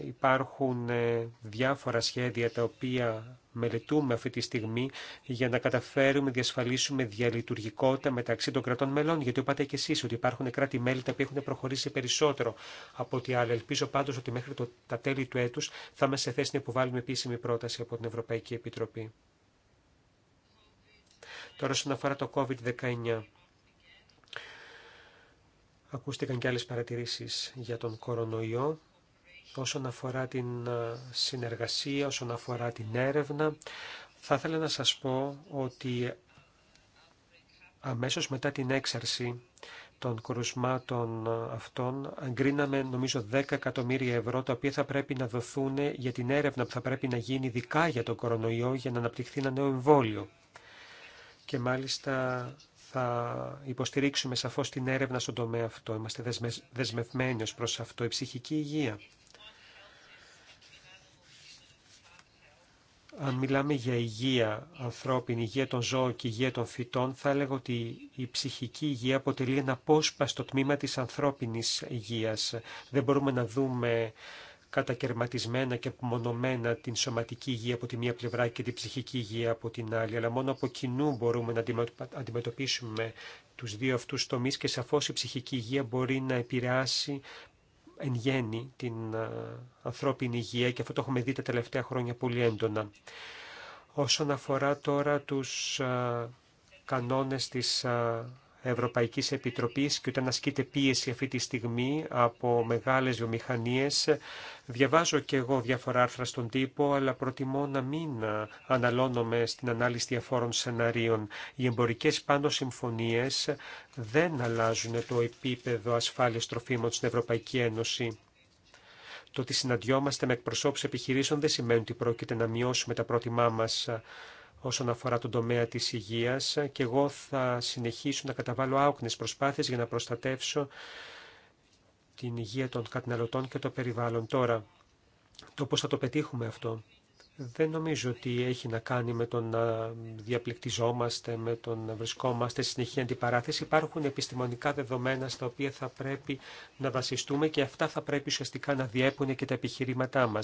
Υπάρχουν ε, διάφορα σχέδια τα οποία μελετούμε αυτή τη στιγμή για να καταφέρουμε να διασφαλίσουμε διαλειτουργικότητα μεταξύ των κρατών μελών. Γιατί είπατε και εσεί ότι υπάρχουν κράτη-μέλη τα οποία έχουν προχωρήσει περισσότερο από ό,τι άλλα. Ελπίζω πάντω ότι μέχρι το, τα τέλη του έτου θα είμαστε σε θέση να υποβάλουμε επίσημη πρόταση από την Ευρωπαϊκή Επιτροπή. Τώρα, όσον αφορά το COVID-19. Ακούστηκαν και άλλε παρατηρήσει για τον κορονοϊό όσον αφορά την ε, συνεργασία, όσον αφορά την έρευνα. Θα ήθελα να σας πω ότι αμέσως μετά την έξαρση των κρουσμάτων αυτών αγκρίναμε νομίζω 10 εκατομμύρια ευρώ τα οποία θα πρέπει να δοθούν για την έρευνα που θα πρέπει να γίνει ειδικά για τον κορονοϊό για να αναπτυχθεί ένα νέο εμβόλιο. Και μάλιστα θα υποστηρίξουμε σαφώς την έρευνα στον τομέα αυτό. Είμαστε δεσμευμένοι ως προς αυτό. Η ψυχική υγεία Αν μιλάμε για υγεία ανθρώπινη, υγεία των ζώων και υγεία των φυτών, θα έλεγα ότι η ψυχική υγεία αποτελεί ένα απόσπαστο τμήμα της ανθρώπινης υγείας. Δεν μπορούμε να δούμε κατακαιρματισμένα και απομονωμένα την σωματική υγεία από τη μία πλευρά και την ψυχική υγεία από την άλλη, αλλά μόνο από κοινού μπορούμε να αντιμετωπίσουμε τους δύο αυτούς τομείς και σαφώς η ψυχική υγεία μπορεί να επηρεάσει εν γέννη την ε, ανθρώπινη υγεία και αυτό το έχουμε δει τα τελευταία χρόνια πολύ έντονα. Όσον αφορά τώρα τους ε, κανόνες της ε, Ευρωπαϊκής Επιτροπής και όταν ασκείται πίεση αυτή τη στιγμή από μεγάλες βιομηχανίες, διαβάζω και εγώ διάφορα άρθρα στον τύπο, αλλά προτιμώ να μην αναλώνομαι στην ανάλυση διαφόρων σενάριων. Οι εμπορικές πάνω συμφωνίες δεν αλλάζουν το επίπεδο ασφάλειας τροφίμων στην Ευρωπαϊκή Ένωση. Το ότι συναντιόμαστε με εκπροσώπους επιχειρήσεων δεν σημαίνει ότι πρόκειται να μειώσουμε τα πρότιμά μας όσον αφορά τον τομέα της υγείας και εγώ θα συνεχίσω να καταβάλω άοκνες προσπάθειες για να προστατεύσω την υγεία των καταναλωτών και το περιβάλλον τώρα. Το πώς θα το πετύχουμε αυτό δεν νομίζω ότι έχει να κάνει με το να διαπληκτιζόμαστε, με το να βρισκόμαστε συνεχή αντιπαράθεση. Υπάρχουν επιστημονικά δεδομένα στα οποία θα πρέπει να βασιστούμε και αυτά θα πρέπει ουσιαστικά να διέπουν και τα επιχειρήματά μα.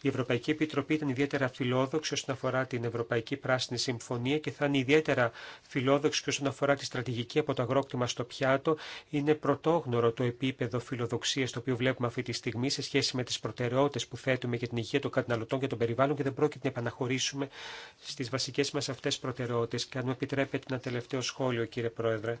Η Ευρωπαϊκή Επιτροπή ήταν ιδιαίτερα φιλόδοξη όσον αφορά την Ευρωπαϊκή Πράσινη Συμφωνία και θα είναι ιδιαίτερα φιλόδοξη και όσον αφορά τη στρατηγική από το αγρόκτημα στο πιάτο. Είναι πρωτόγνωρο το επίπεδο φιλοδοξία το οποίο βλέπουμε αυτή τη στιγμή σε σχέση με τι προτεραιότητε που θέτουμε για την υγεία των καταναλωτών και των περιβάλλων δεν πρόκειται να επαναχωρήσουμε στις βασικές μας αυτές προτεραιότητες. Και αν μου επιτρέπετε ένα τελευταίο σχόλιο, κύριε Πρόεδρε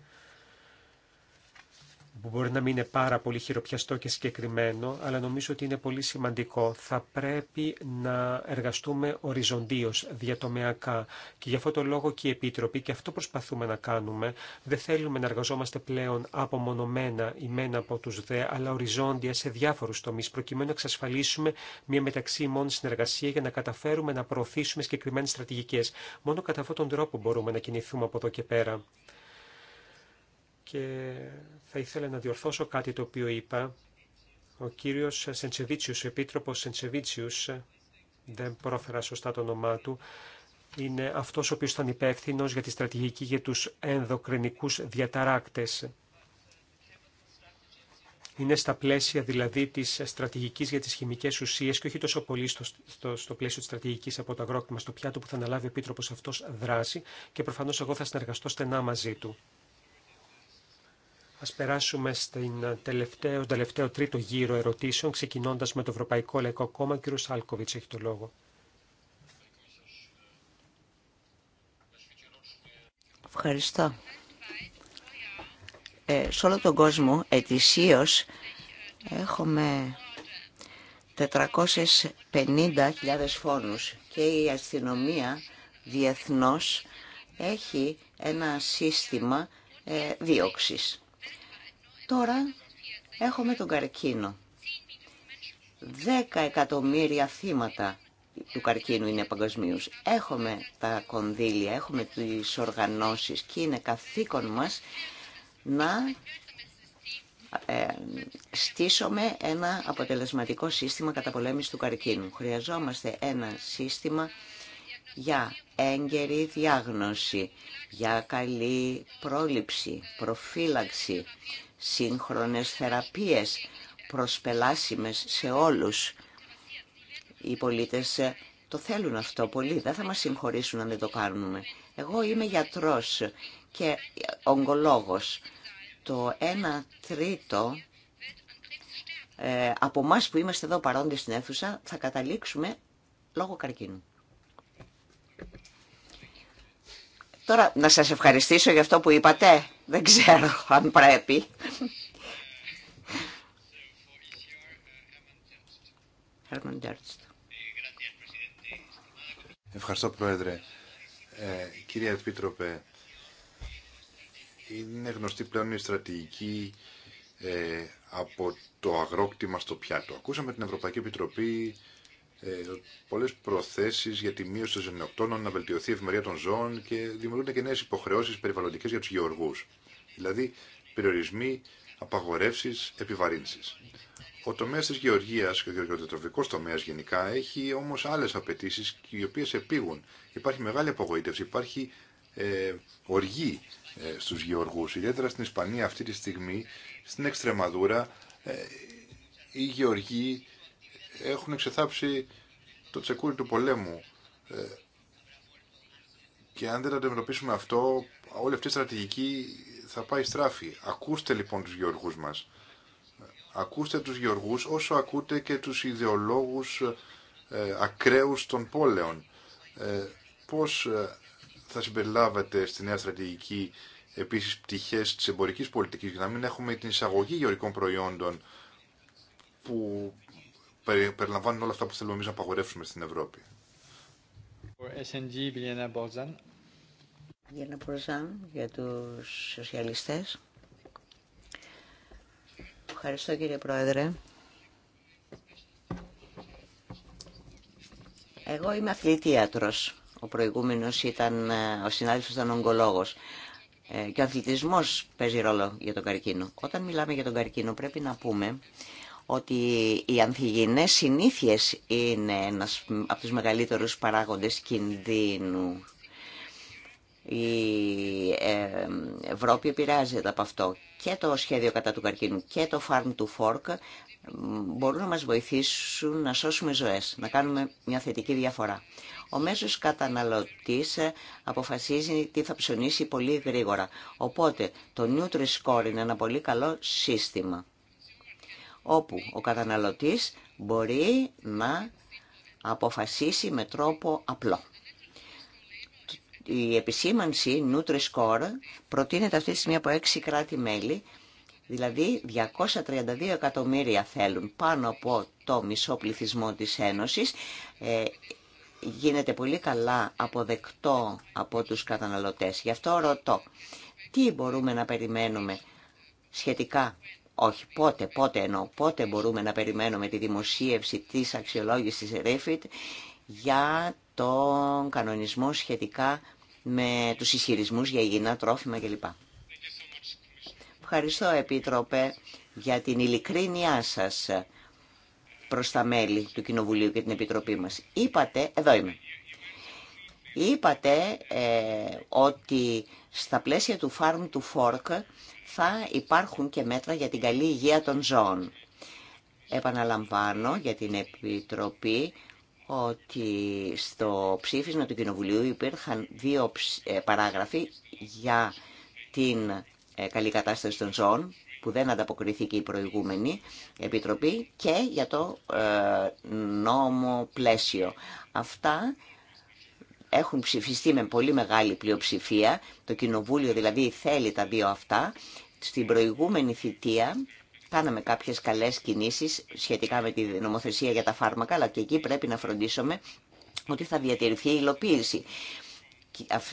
που μπορεί να μην είναι πάρα πολύ χειροπιαστό και συγκεκριμένο, αλλά νομίζω ότι είναι πολύ σημαντικό. Θα πρέπει να εργαστούμε οριζοντίως, διατομεακά. Και γι' αυτό το λόγο και η Επίτροπη, και αυτό προσπαθούμε να κάνουμε, δεν θέλουμε να εργαζόμαστε πλέον απομονωμένα ή μένα από τους δε, αλλά οριζόντια σε διάφορους τομείς, προκειμένου να εξασφαλίσουμε μια μεταξύ μόνη συνεργασία για να καταφέρουμε να προωθήσουμε συγκεκριμένες στρατηγικές. Μόνο κατά αυτόν τον τρόπο μπορούμε να κινηθούμε από εδώ και πέρα και θα ήθελα να διορθώσω κάτι το οποίο είπα. Ο κύριος Σεντσεβίτσιους, ο επίτροπος Σεντσεβίτσιους, δεν πρόφερα σωστά το όνομά του, είναι αυτός ο οποίος ήταν υπεύθυνο για τη στρατηγική για τους ενδοκρινικούς διαταράκτες. Είναι στα πλαίσια δηλαδή της στρατηγικής για τις χημικές ουσίες και όχι τόσο πολύ στο, στο, πλαίσιο της στρατηγικής από το αγρόκτημα στο πιάτο που θα αναλάβει ο επίτροπος αυτός δράση και προφανώς εγώ θα συνεργαστώ στενά μαζί του. Ας περάσουμε στην ε, τελευταίο, τελευταίο τρίτο γύρο ερωτήσεων, ξεκινώντας με το Ευρωπαϊκό Λαϊκό Κόμμα. κύριο Σάλκοβιτ, έχει το λόγο. Ευχαριστώ. Ε, σε όλο τον κόσμο, ετησίως, έχουμε 450.000 φόνους και η αστυνομία διεθνώς έχει ένα σύστημα ε, δίωξης. Τώρα έχουμε τον καρκίνο. Δέκα εκατομμύρια θύματα του καρκίνου είναι παγκοσμίω. Έχουμε τα κονδύλια, έχουμε τις οργανώσεις και είναι καθήκον μας να ε, στήσουμε ένα αποτελεσματικό σύστημα καταπολέμησης του καρκίνου. Χρειαζόμαστε ένα σύστημα για έγκαιρη διάγνωση, για καλή πρόληψη, προφύλαξη, σύγχρονες θεραπείες προσπελάσιμες σε όλους. Οι πολίτες ε, το θέλουν αυτό πολύ, δεν θα μας συγχωρήσουν αν δεν το κάνουμε. Εγώ είμαι γιατρός και ογκολόγος. Το ένα τρίτο ε, από εμά που είμαστε εδώ παρόντες στην αίθουσα θα καταλήξουμε λόγω καρκίνου. Τώρα, να σας ευχαριστήσω για αυτό που είπατε. Δεν ξέρω αν πρέπει. Ευχαριστώ, Πρόεδρε. Ε, κύριε Επίτροπε, είναι γνωστή πλέον η στρατηγική ε, από το αγρόκτημα στο πιάτο. Ακούσαμε την Ευρωπαϊκή Επιτροπή ε, πολλέ προθέσει για τη μείωση των ζενοκτώνων, να βελτιωθεί η ευημερία των ζώων και δημιουργούνται και νέε υποχρεώσει περιβαλλοντικέ για του γεωργού. Δηλαδή, περιορισμοί, απαγορεύσει, επιβαρύνσει. Ο τομέα τη γεωργία και ο γεωργιοτροφικό τομέα γενικά έχει όμω άλλε απαιτήσει οι οποίε επήγουν. Υπάρχει μεγάλη απογοήτευση, υπάρχει ε, οργή ε, στου γεωργού. Ιδιαίτερα στην Ισπανία αυτή τη στιγμή, στην Εξτρεμαδούρα, ε, οι γεωργοί έχουν εξεθάψει το τσεκούρι του πολέμου. Ε, και αν δεν το αντιμετωπίσουμε αυτό, όλη αυτή η στρατηγική θα πάει στράφη. Ακούστε λοιπόν τους γεωργούς μας. Ακούστε τους γεωργούς όσο ακούτε και τους ιδεολόγους ε, των πόλεων. Ε, πώς ε, θα συμπεριλάβετε στη νέα στρατηγική επίσης πτυχές της εμπορικής πολιτικής για να μην έχουμε την εισαγωγή γεωργικών προϊόντων που περιλαμβάνουν όλα αυτά που θέλουμε εμείς να απαγορεύσουμε στην Ευρώπη. για τους σοσιαλιστές. Ευχαριστώ κύριε Πρόεδρε. Εγώ είμαι αθλητίατρος. Ο προηγούμενος ήταν, ε, ο συνάδελφος ήταν ογκολόγος. Ε, και ο αθλητισμός παίζει ρόλο για τον καρκίνο. Όταν μιλάμε για τον καρκίνο πρέπει να πούμε ότι οι ανθυγιεινές συνήθειες είναι ένας από τους μεγαλύτερους παράγοντες κινδύνου. Η ε, Ευρώπη επηρεάζεται από αυτό. Και το σχέδιο κατά του καρκίνου και το Farm to Fork μπορούν να μας βοηθήσουν να σώσουμε ζωές, να κάνουμε μια θετική διαφορά. Ο μέσος καταναλωτής αποφασίζει τι θα ψωνίσει πολύ γρήγορα. Οπότε το Nutri-Score είναι ένα πολύ καλό σύστημα όπου ο καταναλωτής μπορεί να αποφασίσει με τρόπο απλό. Η επισήμανση Nutri-Score προτείνεται αυτή τη στιγμή από από κράτη-μέλη, δηλαδή 232 εκατομμύρια θέλουν πάνω από το μισό πληθυσμό της Ένωσης. Ε, γίνεται πολύ καλά αποδεκτό από τους καταναλωτές. Γι' αυτό ρωτώ, τι μπορούμε να περιμένουμε σχετικά όχι πότε, πότε εννοώ, πότε μπορούμε να περιμένουμε τη δημοσίευση της αξιολόγησης REFIT για τον κανονισμό σχετικά με τους ισχυρισμούς για υγιεινά τρόφιμα κλπ. Ευχαριστώ Επίτροπε για την ειλικρίνειά σας προς τα μέλη του Κοινοβουλίου και την Επιτροπή μας. Είπατε, εδώ είμαι, είπατε ε, ότι στα πλαίσια του Farm to Fork θα υπάρχουν και μέτρα για την καλή υγεία των ζώων. Επαναλαμβάνω για την Επιτροπή ότι στο ψήφισμα του Κοινοβουλίου υπήρχαν δύο ε, παράγραφοι για την ε, καλή κατάσταση των ζώων που δεν ανταποκριθήκε η προηγούμενη Επιτροπή και για το ε, νόμο πλαίσιο. Αυτά έχουν ψηφιστεί με πολύ μεγάλη πλειοψηφία, το Κοινοβούλιο δηλαδή θέλει τα δύο αυτά. Στην προηγούμενη θητεία κάναμε κάποιες καλές κινήσεις σχετικά με τη νομοθεσία για τα φάρμακα, αλλά και εκεί πρέπει να φροντίσουμε ότι θα διατηρηθεί η υλοποίηση.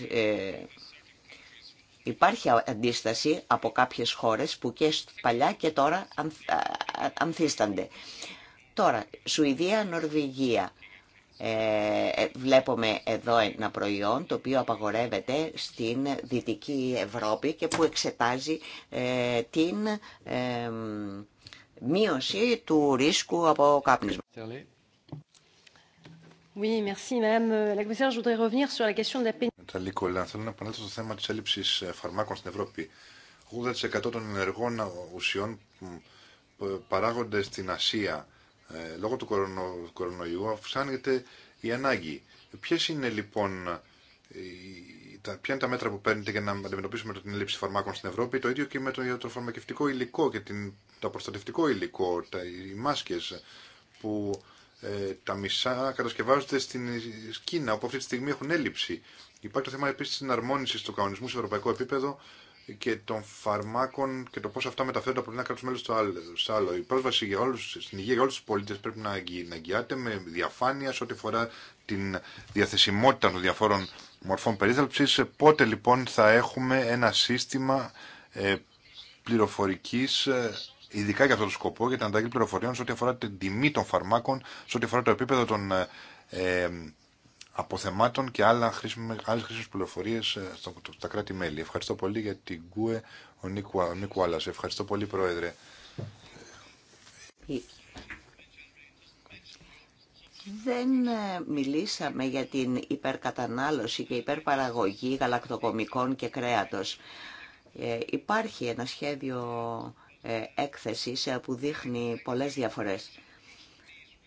Ε, υπάρχει αντίσταση από κάποιες χώρες που και παλιά και τώρα ανθίστανται. Τώρα, Σουηδία, Νορβηγία. Ε, ε, βλέπουμε εδώ ένα προϊόν το οποίο απαγορεύεται στην Δυτική Ευρώπη και που εξετάζει ε, την μείωση του ρίσκου από κάπνισμα. Oui, merci, Madame la Je voudrais θέλω να επανέλθω στο θέμα της έλλειψη φαρμάκων στην Ευρώπη. 80% των ενεργών ουσιών παράγονται στην Ασία ε, λόγω του κορονοϊού αυξάνεται η ανάγκη. Ποιες είναι λοιπόν ε, ποια είναι τα μέτρα που παίρνετε για να αντιμετωπίσουμε την έλλειψη φαρμάκων στην Ευρώπη, το ίδιο και με το ιατροφαρμακευτικό υλικό και την, το προστατευτικό υλικό, τα, οι μάσκες που ε, τα μισά κατασκευάζονται στην Κίνα, όπου αυτή τη στιγμή έχουν έλλειψη. Υπάρχει το θέμα επίση τη συναρμόνιση του κανονισμού σε ευρωπαϊκό επίπεδο και των φαρμάκων και το πώ αυτά μεταφέρονται από ένα κράτο μέλο στο άλλο. Η πρόσβαση για όλους, στην υγεία για όλου του πολίτε πρέπει να εγγυάται με διαφάνεια σε ό,τι αφορά την διαθεσιμότητα των διαφόρων μορφών περίθαλψη. Πότε λοιπόν θα έχουμε ένα σύστημα ε, πληροφορική, ε, ειδικά για αυτόν τον σκοπό, για την ανταλλαγή πληροφοριών σε ό,τι αφορά την τιμή των φαρμάκων, σε ό,τι αφορά το επίπεδο των. Ε, ε αποθεμάτων και άλλα χρήσιμε, άλλες χρήσιμες πληροφορίες ε, στα κράτη-μέλη. Ευχαριστώ πολύ για την ΚΟΕ, ο Νίκου, Άλλας. Ευχαριστώ πολύ, Πρόεδρε. Δεν ε, μιλήσαμε για την υπερκατανάλωση και υπερπαραγωγή γαλακτοκομικών και κρέατος. Ε, υπάρχει ένα σχέδιο έκθεσης που δείχνει πολλές διαφορές.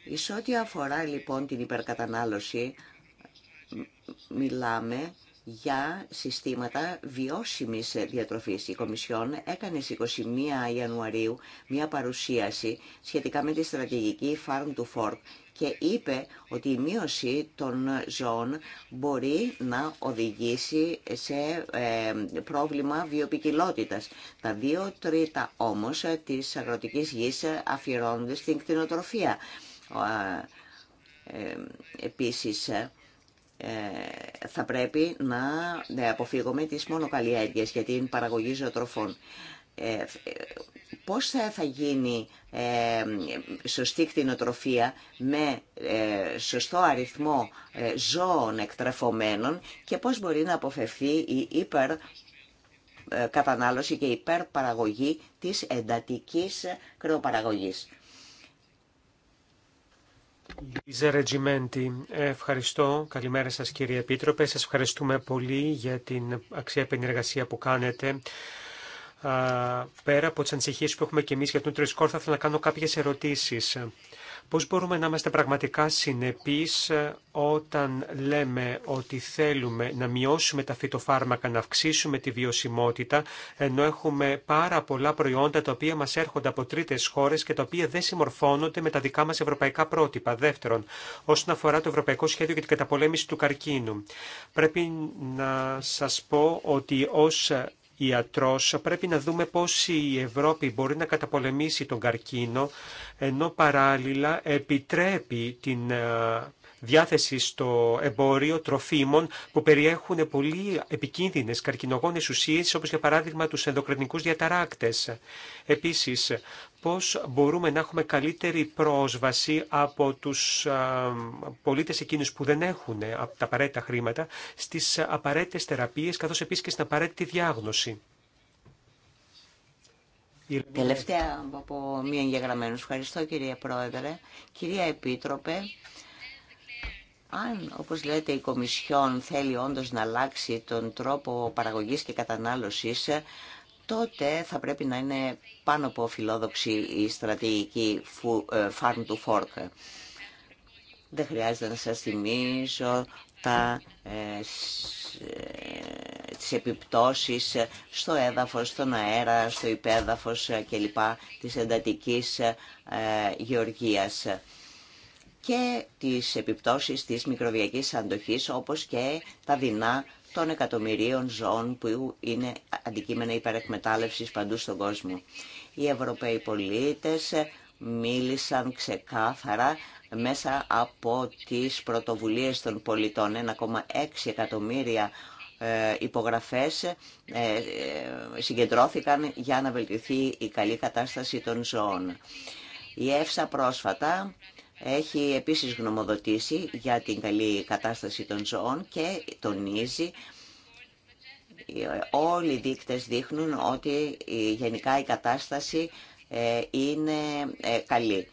Η ό,τι αφορά λοιπόν την υπερκατανάλωση, μιλάμε για συστήματα βιώσιμης διατροφής. Η Κομισιόν έκανε στις 21 Ιανουαρίου μια παρουσίαση σχετικά με τη στρατηγική Farm to Fork και είπε ότι η μείωση των ζώων μπορεί να οδηγήσει σε ε, πρόβλημα βιοπικιλότητας. Τα δύο τρίτα όμως της αγροτικής γης αφιερώνονται στην κτηνοτροφία. Ε, επίσης, ε, θα πρέπει να ναι, αποφύγουμε τις μονοκαλλιέργειες για την παραγωγή ζωοτροφών. Ε, πώς θα, θα γίνει ε, σωστή κτηνοτροφία με ε, σωστό αριθμό ε, ζώων εκτρεφωμένων και πώς μπορεί να αποφευθεί η υπερ ε, κατανάλωση και υπερπαραγωγή της εντατικής κρεοπαραγωγής. Λίζα ευχαριστώ. Καλημέρα σας κύριε Επίτροπε. Σας ευχαριστούμε πολύ για την αξία επενεργασία που κάνετε. Πέρα από τις ανησυχίες που έχουμε και εμείς για τον Τρισκόρ, θα ήθελα να κάνω κάποιες ερωτήσεις. Πώς μπορούμε να είμαστε πραγματικά συνεπείς ε, όταν λέμε ότι θέλουμε να μειώσουμε τα φυτοφάρμακα, να αυξήσουμε τη βιωσιμότητα, ενώ έχουμε πάρα πολλά προϊόντα τα οποία μας έρχονται από τρίτες χώρες και τα οποία δεν συμμορφώνονται με τα δικά μας ευρωπαϊκά πρότυπα. Δεύτερον, όσον αφορά το Ευρωπαϊκό Σχέδιο για την Καταπολέμηση του Καρκίνου, πρέπει να σας πω ότι ως ιατρός πρέπει να δούμε πώς η Ευρώπη μπορεί να καταπολεμήσει τον καρκίνο ενώ παράλληλα επιτρέπει την ε, διάθεση στο εμπόριο τροφίμων που περιέχουν πολύ επικίνδυνες καρκινογόνες ουσίες όπως για παράδειγμα τους ενδοκρινικούς διαταράκτες. Επίσης, πώς μπορούμε να έχουμε καλύτερη πρόσβαση από τους πολίτες εκείνους που δεν έχουν ε, τα απαραίτητα χρήματα στις απαραίτητες θεραπείες καθώς επίσης και στην απαραίτητη διάγνωση. Τελευταία από μία εγγεγραμμένου. Ευχαριστώ κυρία Πρόεδρε. Κυρία Επίτροπε, αν, όπως λέτε, η Κομισιόν θέλει όντως να αλλάξει τον τρόπο παραγωγής και κατανάλωσης τότε θα πρέπει να είναι πάνω από φιλόδοξη η στρατηγική ε, Farm to Fork. Δεν χρειάζεται να σας θυμίσω τα, ε, ε, τις επιπτώσεις στο έδαφος, στον αέρα, στο υπέδαφος ε, κλπ. της εντατικής ε, γεωργίας και τις επιπτώσεις της μικροβιακής αντοχής όπως και τα δεινά των εκατομμυρίων ζώων που είναι αντικείμενα υπερεκμετάλλευσης παντού στον κόσμο. Οι Ευρωπαίοι πολίτες μίλησαν ξεκάθαρα μέσα από τις πρωτοβουλίες των πολιτών. 1,6 εκατομμύρια ε, υπογραφές ε, ε, συγκεντρώθηκαν για να βελτιωθεί η καλή κατάσταση των ζώων. Η ΕΦΣΑ πρόσφατα έχει επίσης γνωμοδοτήσει για την καλή κατάσταση των ζώων και τονίζει ε, όλοι οι δείκτες δείχνουν ότι γενικά η κατάσταση ε, είναι ε, καλή.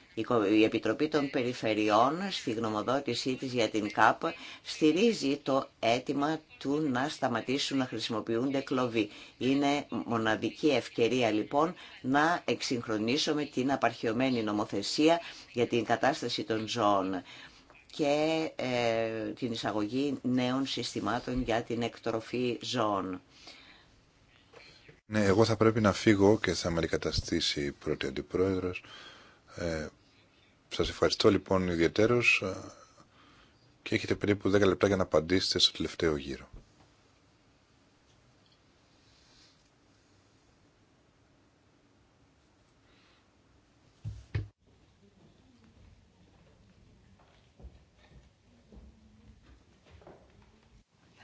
Η Επιτροπή των Περιφερειών στη γνωμοδότησή της για την ΚΑΠ στηρίζει το αίτημα του να σταματήσουν να χρησιμοποιούνται κλωβοί. Είναι μοναδική ευκαιρία λοιπόν να εξυγχρονίσουμε την απαρχιωμένη νομοθεσία για την κατάσταση των ζώων και ε, την εισαγωγή νέων συστημάτων για την εκτροφή ζώων. Ναι, εγώ θα πρέπει να φύγω και θα με αντικαταστήσει η πρώτη αντιπρόεδρος. Ε, σας ευχαριστώ λοιπόν ιδιαίτερος ε, και έχετε περίπου 10 λεπτά για να απαντήσετε στο τελευταίο γύρο.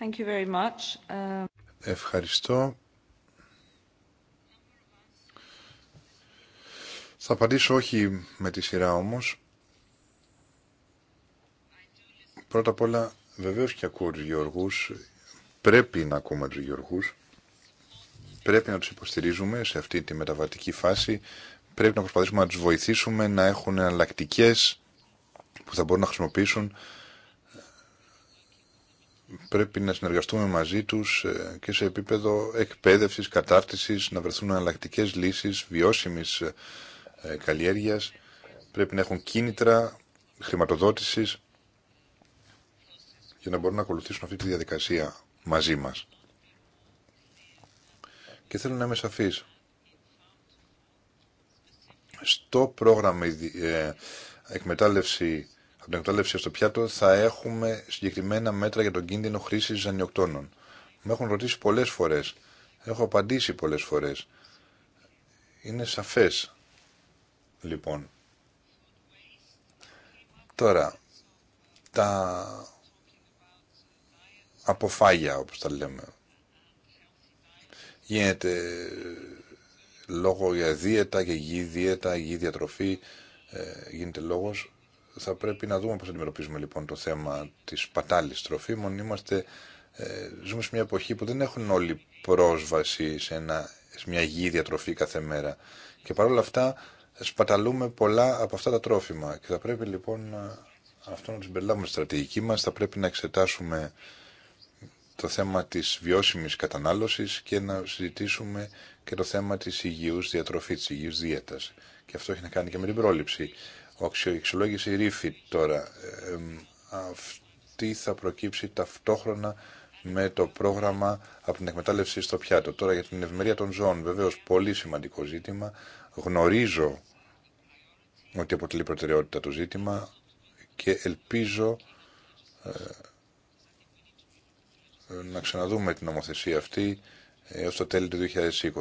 Thank you very much. Um, ευχαριστώ. Θα απαντήσω όχι με τη σειρά όμως. Πρώτα απ' όλα βεβαίως και ακούω τους γεωργούς. Πρέπει να ακούμε τους γεωργούς. Πρέπει να τους υποστηρίζουμε σε αυτή τη μεταβατική φάση. Πρέπει να προσπαθήσουμε να τους βοηθήσουμε να έχουν εναλλακτικέ που θα μπορούν να χρησιμοποιήσουν. Πρέπει να συνεργαστούμε μαζί τους ε, και σε επίπεδο εκπαίδευσης, κατάρτισης, να βρεθούν εναλλακτικέ λύσεις βιώσιμης ε, ε, καλλιέργειας. Πρέπει να έχουν κίνητρα χρηματοδότησης για να μπορούν να ακολουθήσουν αυτή τη διαδικασία μαζί μας. Και θέλω να είμαι σαφής. Στο πρόγραμμα ε, εκμετάλλευση από την εκμετάλλευση στο πιάτο θα έχουμε συγκεκριμένα μέτρα για τον κίνδυνο χρήση ζανιοκτώνων. Με έχουν ρωτήσει πολλές φορές Έχω απαντήσει πολλές φορές Είναι σαφές λοιπόν. Τώρα, τα αποφάγια, όπως τα λέμε, γίνεται λόγο για δίαιτα και γη δίαιτα, γη διατροφή, ε, γίνεται λόγος. Θα πρέπει να δούμε πώς αντιμετωπίζουμε λοιπόν το θέμα της πατάλης τροφίμων. Είμαστε, ε, ζούμε σε μια εποχή που δεν έχουν όλοι πρόσβαση σε, σε μια γη διατροφή κάθε μέρα. Και παρόλα αυτά σπαταλούμε πολλά από αυτά τα τρόφιμα και θα πρέπει λοιπόν αυτό να το συμπεριλάβουμε στη στρατηγική μας, θα πρέπει να εξετάσουμε το θέμα της βιώσιμης κατανάλωσης και να συζητήσουμε και το θέμα της υγιούς διατροφής, της υγιούς δίαιτας. Και αυτό έχει να κάνει και με την πρόληψη. Ο αξιοεξιολόγηση ρήφη τώρα, αυτή θα προκύψει ταυτόχρονα με το πρόγραμμα από την εκμετάλλευση στο πιάτο. Τώρα για την ευμερία των ζώων, βεβαίως πολύ σημαντικό ζήτημα, Γνωρίζω ότι αποτελεί προτεραιότητα το ζήτημα και ελπίζω ε, να ξαναδούμε την νομοθεσία αυτή ε, ως το τέλη του 2020,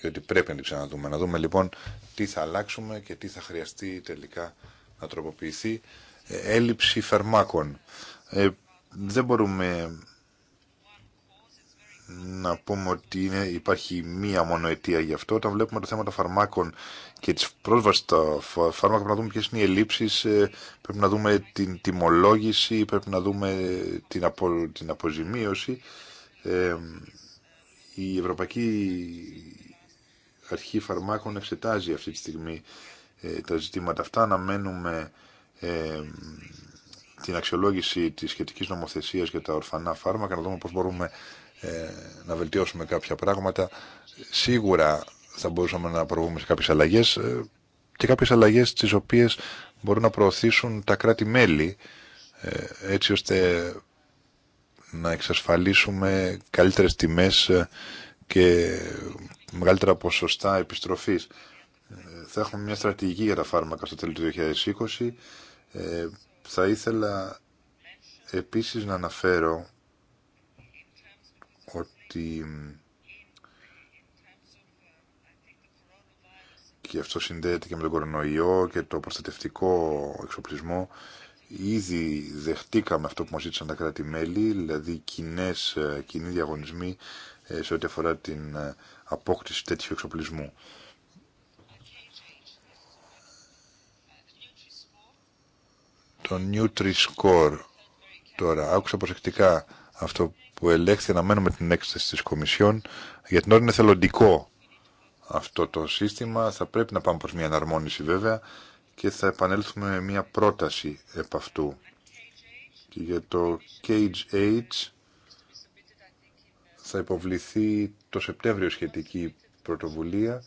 διότι πρέπει να την ξαναδούμε. Να δούμε λοιπόν τι θα αλλάξουμε και τι θα χρειαστεί τελικά να τροποποιηθεί. Ε, έλλειψη φαρμάκων. δεν μπορούμε να πούμε ότι υπάρχει μία μόνο αιτία γι' αυτό. Όταν βλέπουμε το θέμα των φαρμάκων και τη πρόσβαση στα φάρμακα, πρέπει να δούμε ποιε είναι οι ελλείψει, ε, πρέπει να δούμε την τιμολόγηση, πρέπει να δούμε την, απο, την αποζημίωση. Ε, η Ευρωπαϊκή Αρχή Φαρμάκων εξετάζει αυτή τη στιγμή ε, τα ζητήματα αυτά. Αναμένουμε ε, την αξιολόγηση της σχετικής νομοθεσίας για τα ορφανά φάρμακα, να δούμε πώς μπορούμε ε, να βελτιώσουμε κάποια πράγματα. Σίγουρα θα μπορούσαμε να προβούμε σε κάποιες αλλαγές ε, και κάποιες αλλαγές τις οποίες μπορούν να προωθήσουν τα κράτη-μέλη ε, έτσι ώστε να εξασφαλίσουμε καλύτερες τιμές και μεγαλύτερα ποσοστά επιστροφής. Θα έχουμε μια στρατηγική για τα φάρμακα στο τέλος του 2020. Θα ήθελα επίσης να αναφέρω ότι και αυτό συνδέεται και με τον κορονοϊό και το προστατευτικό εξοπλισμό ήδη δεχτήκαμε αυτό που μας ζήτησαν τα κράτη-μέλη, δηλαδή κοινές, ε, κοινοί διαγωνισμοί ε, σε ό,τι αφορά την ε, απόκτηση τέτοιου εξοπλισμού. Το Nutri-Score τώρα, άκουσα προσεκτικά αυτό που ελέγχθη να μένουμε την έκθεση της Κομισιόν. Για την ώρα είναι θελοντικό αυτό το σύστημα. Θα πρέπει να πάμε προς μια εναρμόνιση βέβαια και θα επανέλθουμε με μια πρόταση επ' αυτού. Και για το Cage Age θα υποβληθεί το Σεπτέμβριο σχετική πρωτοβουλία.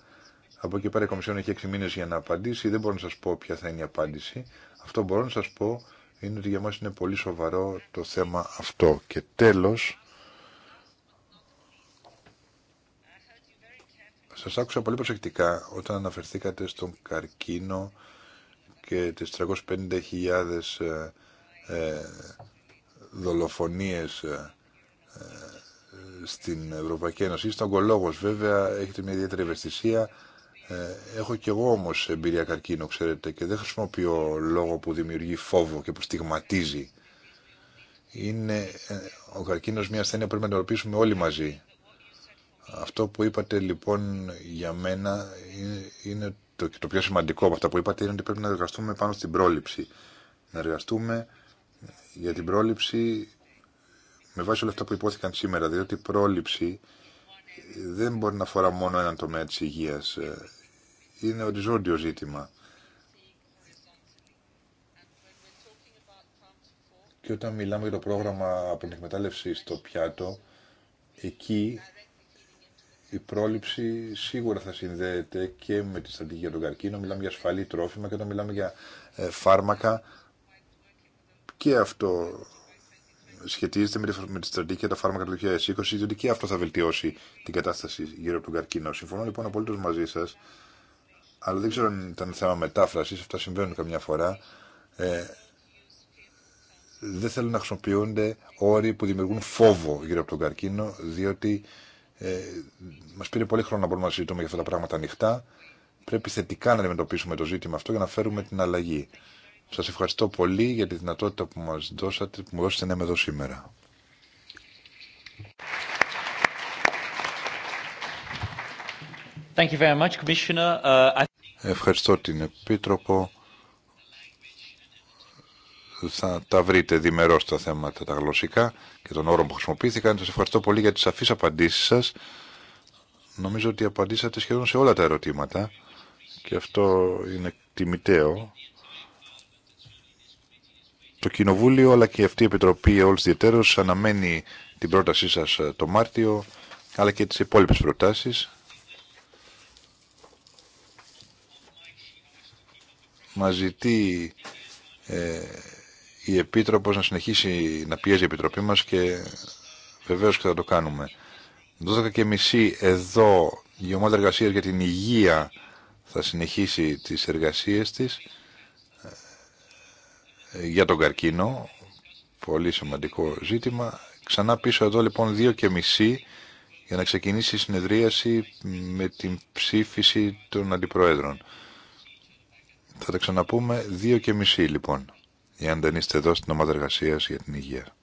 Από εκεί πέρα η Κομισιόν έχει 6 μήνες για να απαντήσει. Δεν μπορώ να σας πω ποια θα είναι η απάντηση. Αυτό μπορώ να σας πω είναι ότι για μας είναι πολύ σοβαρό το θέμα αυτό. Και τέλος, Σας άκουσα πολύ προσεκτικά όταν αναφερθήκατε στον καρκίνο και τις 350.000 ε, ε, δολοφονίες ε, ε, στην Ευρωπαϊκή Ένωση. Είστε ογκολόγος βέβαια, έχετε μια ιδιαίτερη ευαισθησία. έχω κι εγώ όμως εμπειρία καρκίνο, ξέρετε, και δεν χρησιμοποιώ λόγο που δημιουργεί φόβο και που στιγματίζει. Είναι ο καρκίνος μια ασθένεια που πρέπει να αντιμετωπίσουμε όλοι μαζί. Αυτό που είπατε λοιπόν για μένα είναι το, το πιο σημαντικό από αυτά που είπατε είναι ότι πρέπει να εργαστούμε πάνω στην πρόληψη. Να εργαστούμε για την πρόληψη με βάση όλα αυτά που υπόθηκαν σήμερα, διότι η πρόληψη δεν μπορεί να αφορά μόνο έναν τομέα της υγείας. Είναι οριζόντιο ζήτημα. Και όταν μιλάμε για το πρόγραμμα από την εκμετάλλευση στο πιάτο, εκεί η πρόληψη σίγουρα θα συνδέεται και με τη στρατηγική για τον καρκίνο. Μιλάμε για ασφαλή τρόφιμα και όταν μιλάμε για ε, φάρμακα και αυτό σχετίζεται με τη στρατηγική τα φάρμακα του 2020, διότι και αυτό θα βελτιώσει την κατάσταση γύρω από τον καρκίνο. Συμφωνώ λοιπόν απολύτω μαζί σα, αλλά δεν ξέρω αν ήταν θέμα μετάφραση, αυτά συμβαίνουν καμιά φορά. Ε, δεν θέλουν να χρησιμοποιούνται όροι που δημιουργούν φόβο γύρω από τον καρκίνο, διότι ε, Μα πήρε πολύ χρόνο να μπορούμε να συζητούμε για αυτά τα πράγματα ανοιχτά. Πρέπει θετικά να αντιμετωπίσουμε το ζήτημα αυτό για να φέρουμε την αλλαγή. Σα ευχαριστώ πολύ για τη δυνατότητα που μα δώσατε, που μου δώσατε να είμαι εδώ σήμερα. Thank you very much, uh, Ευχαριστώ την Επίτροπο θα τα βρείτε διμερό τα θέματα τα γλωσσικά και τον όρο που χρησιμοποιήθηκαν. Σα ευχαριστώ πολύ για τις σαφεί απαντήσεις σας. Νομίζω ότι απαντήσατε σχεδόν σε όλα τα ερωτήματα και αυτό είναι τιμητέο. Το Κοινοβούλιο αλλά και αυτή η Επιτροπή όλους διετέρως αναμένει την πρότασή σας ε, το Μάρτιο αλλά και τις υπόλοιπες προτάσεις. Μας ζητεί ε, η Επίτροπος να συνεχίσει να πιέζει η Επιτροπή μας και βεβαίω και θα το κάνουμε. 12 και μισή εδώ η ομάδα εργασία για την υγεία θα συνεχίσει τις εργασίες της ε, για τον καρκίνο, πολύ σημαντικό ζήτημα. Ξανά πίσω εδώ λοιπόν 2 και μισή για να ξεκινήσει η συνεδρίαση με την ψήφιση των αντιπροέδρων. Θα τα ξαναπούμε 2 και μισή λοιπόν εάν δεν είστε εδώ στην ομάδα εργασία για την υγεία.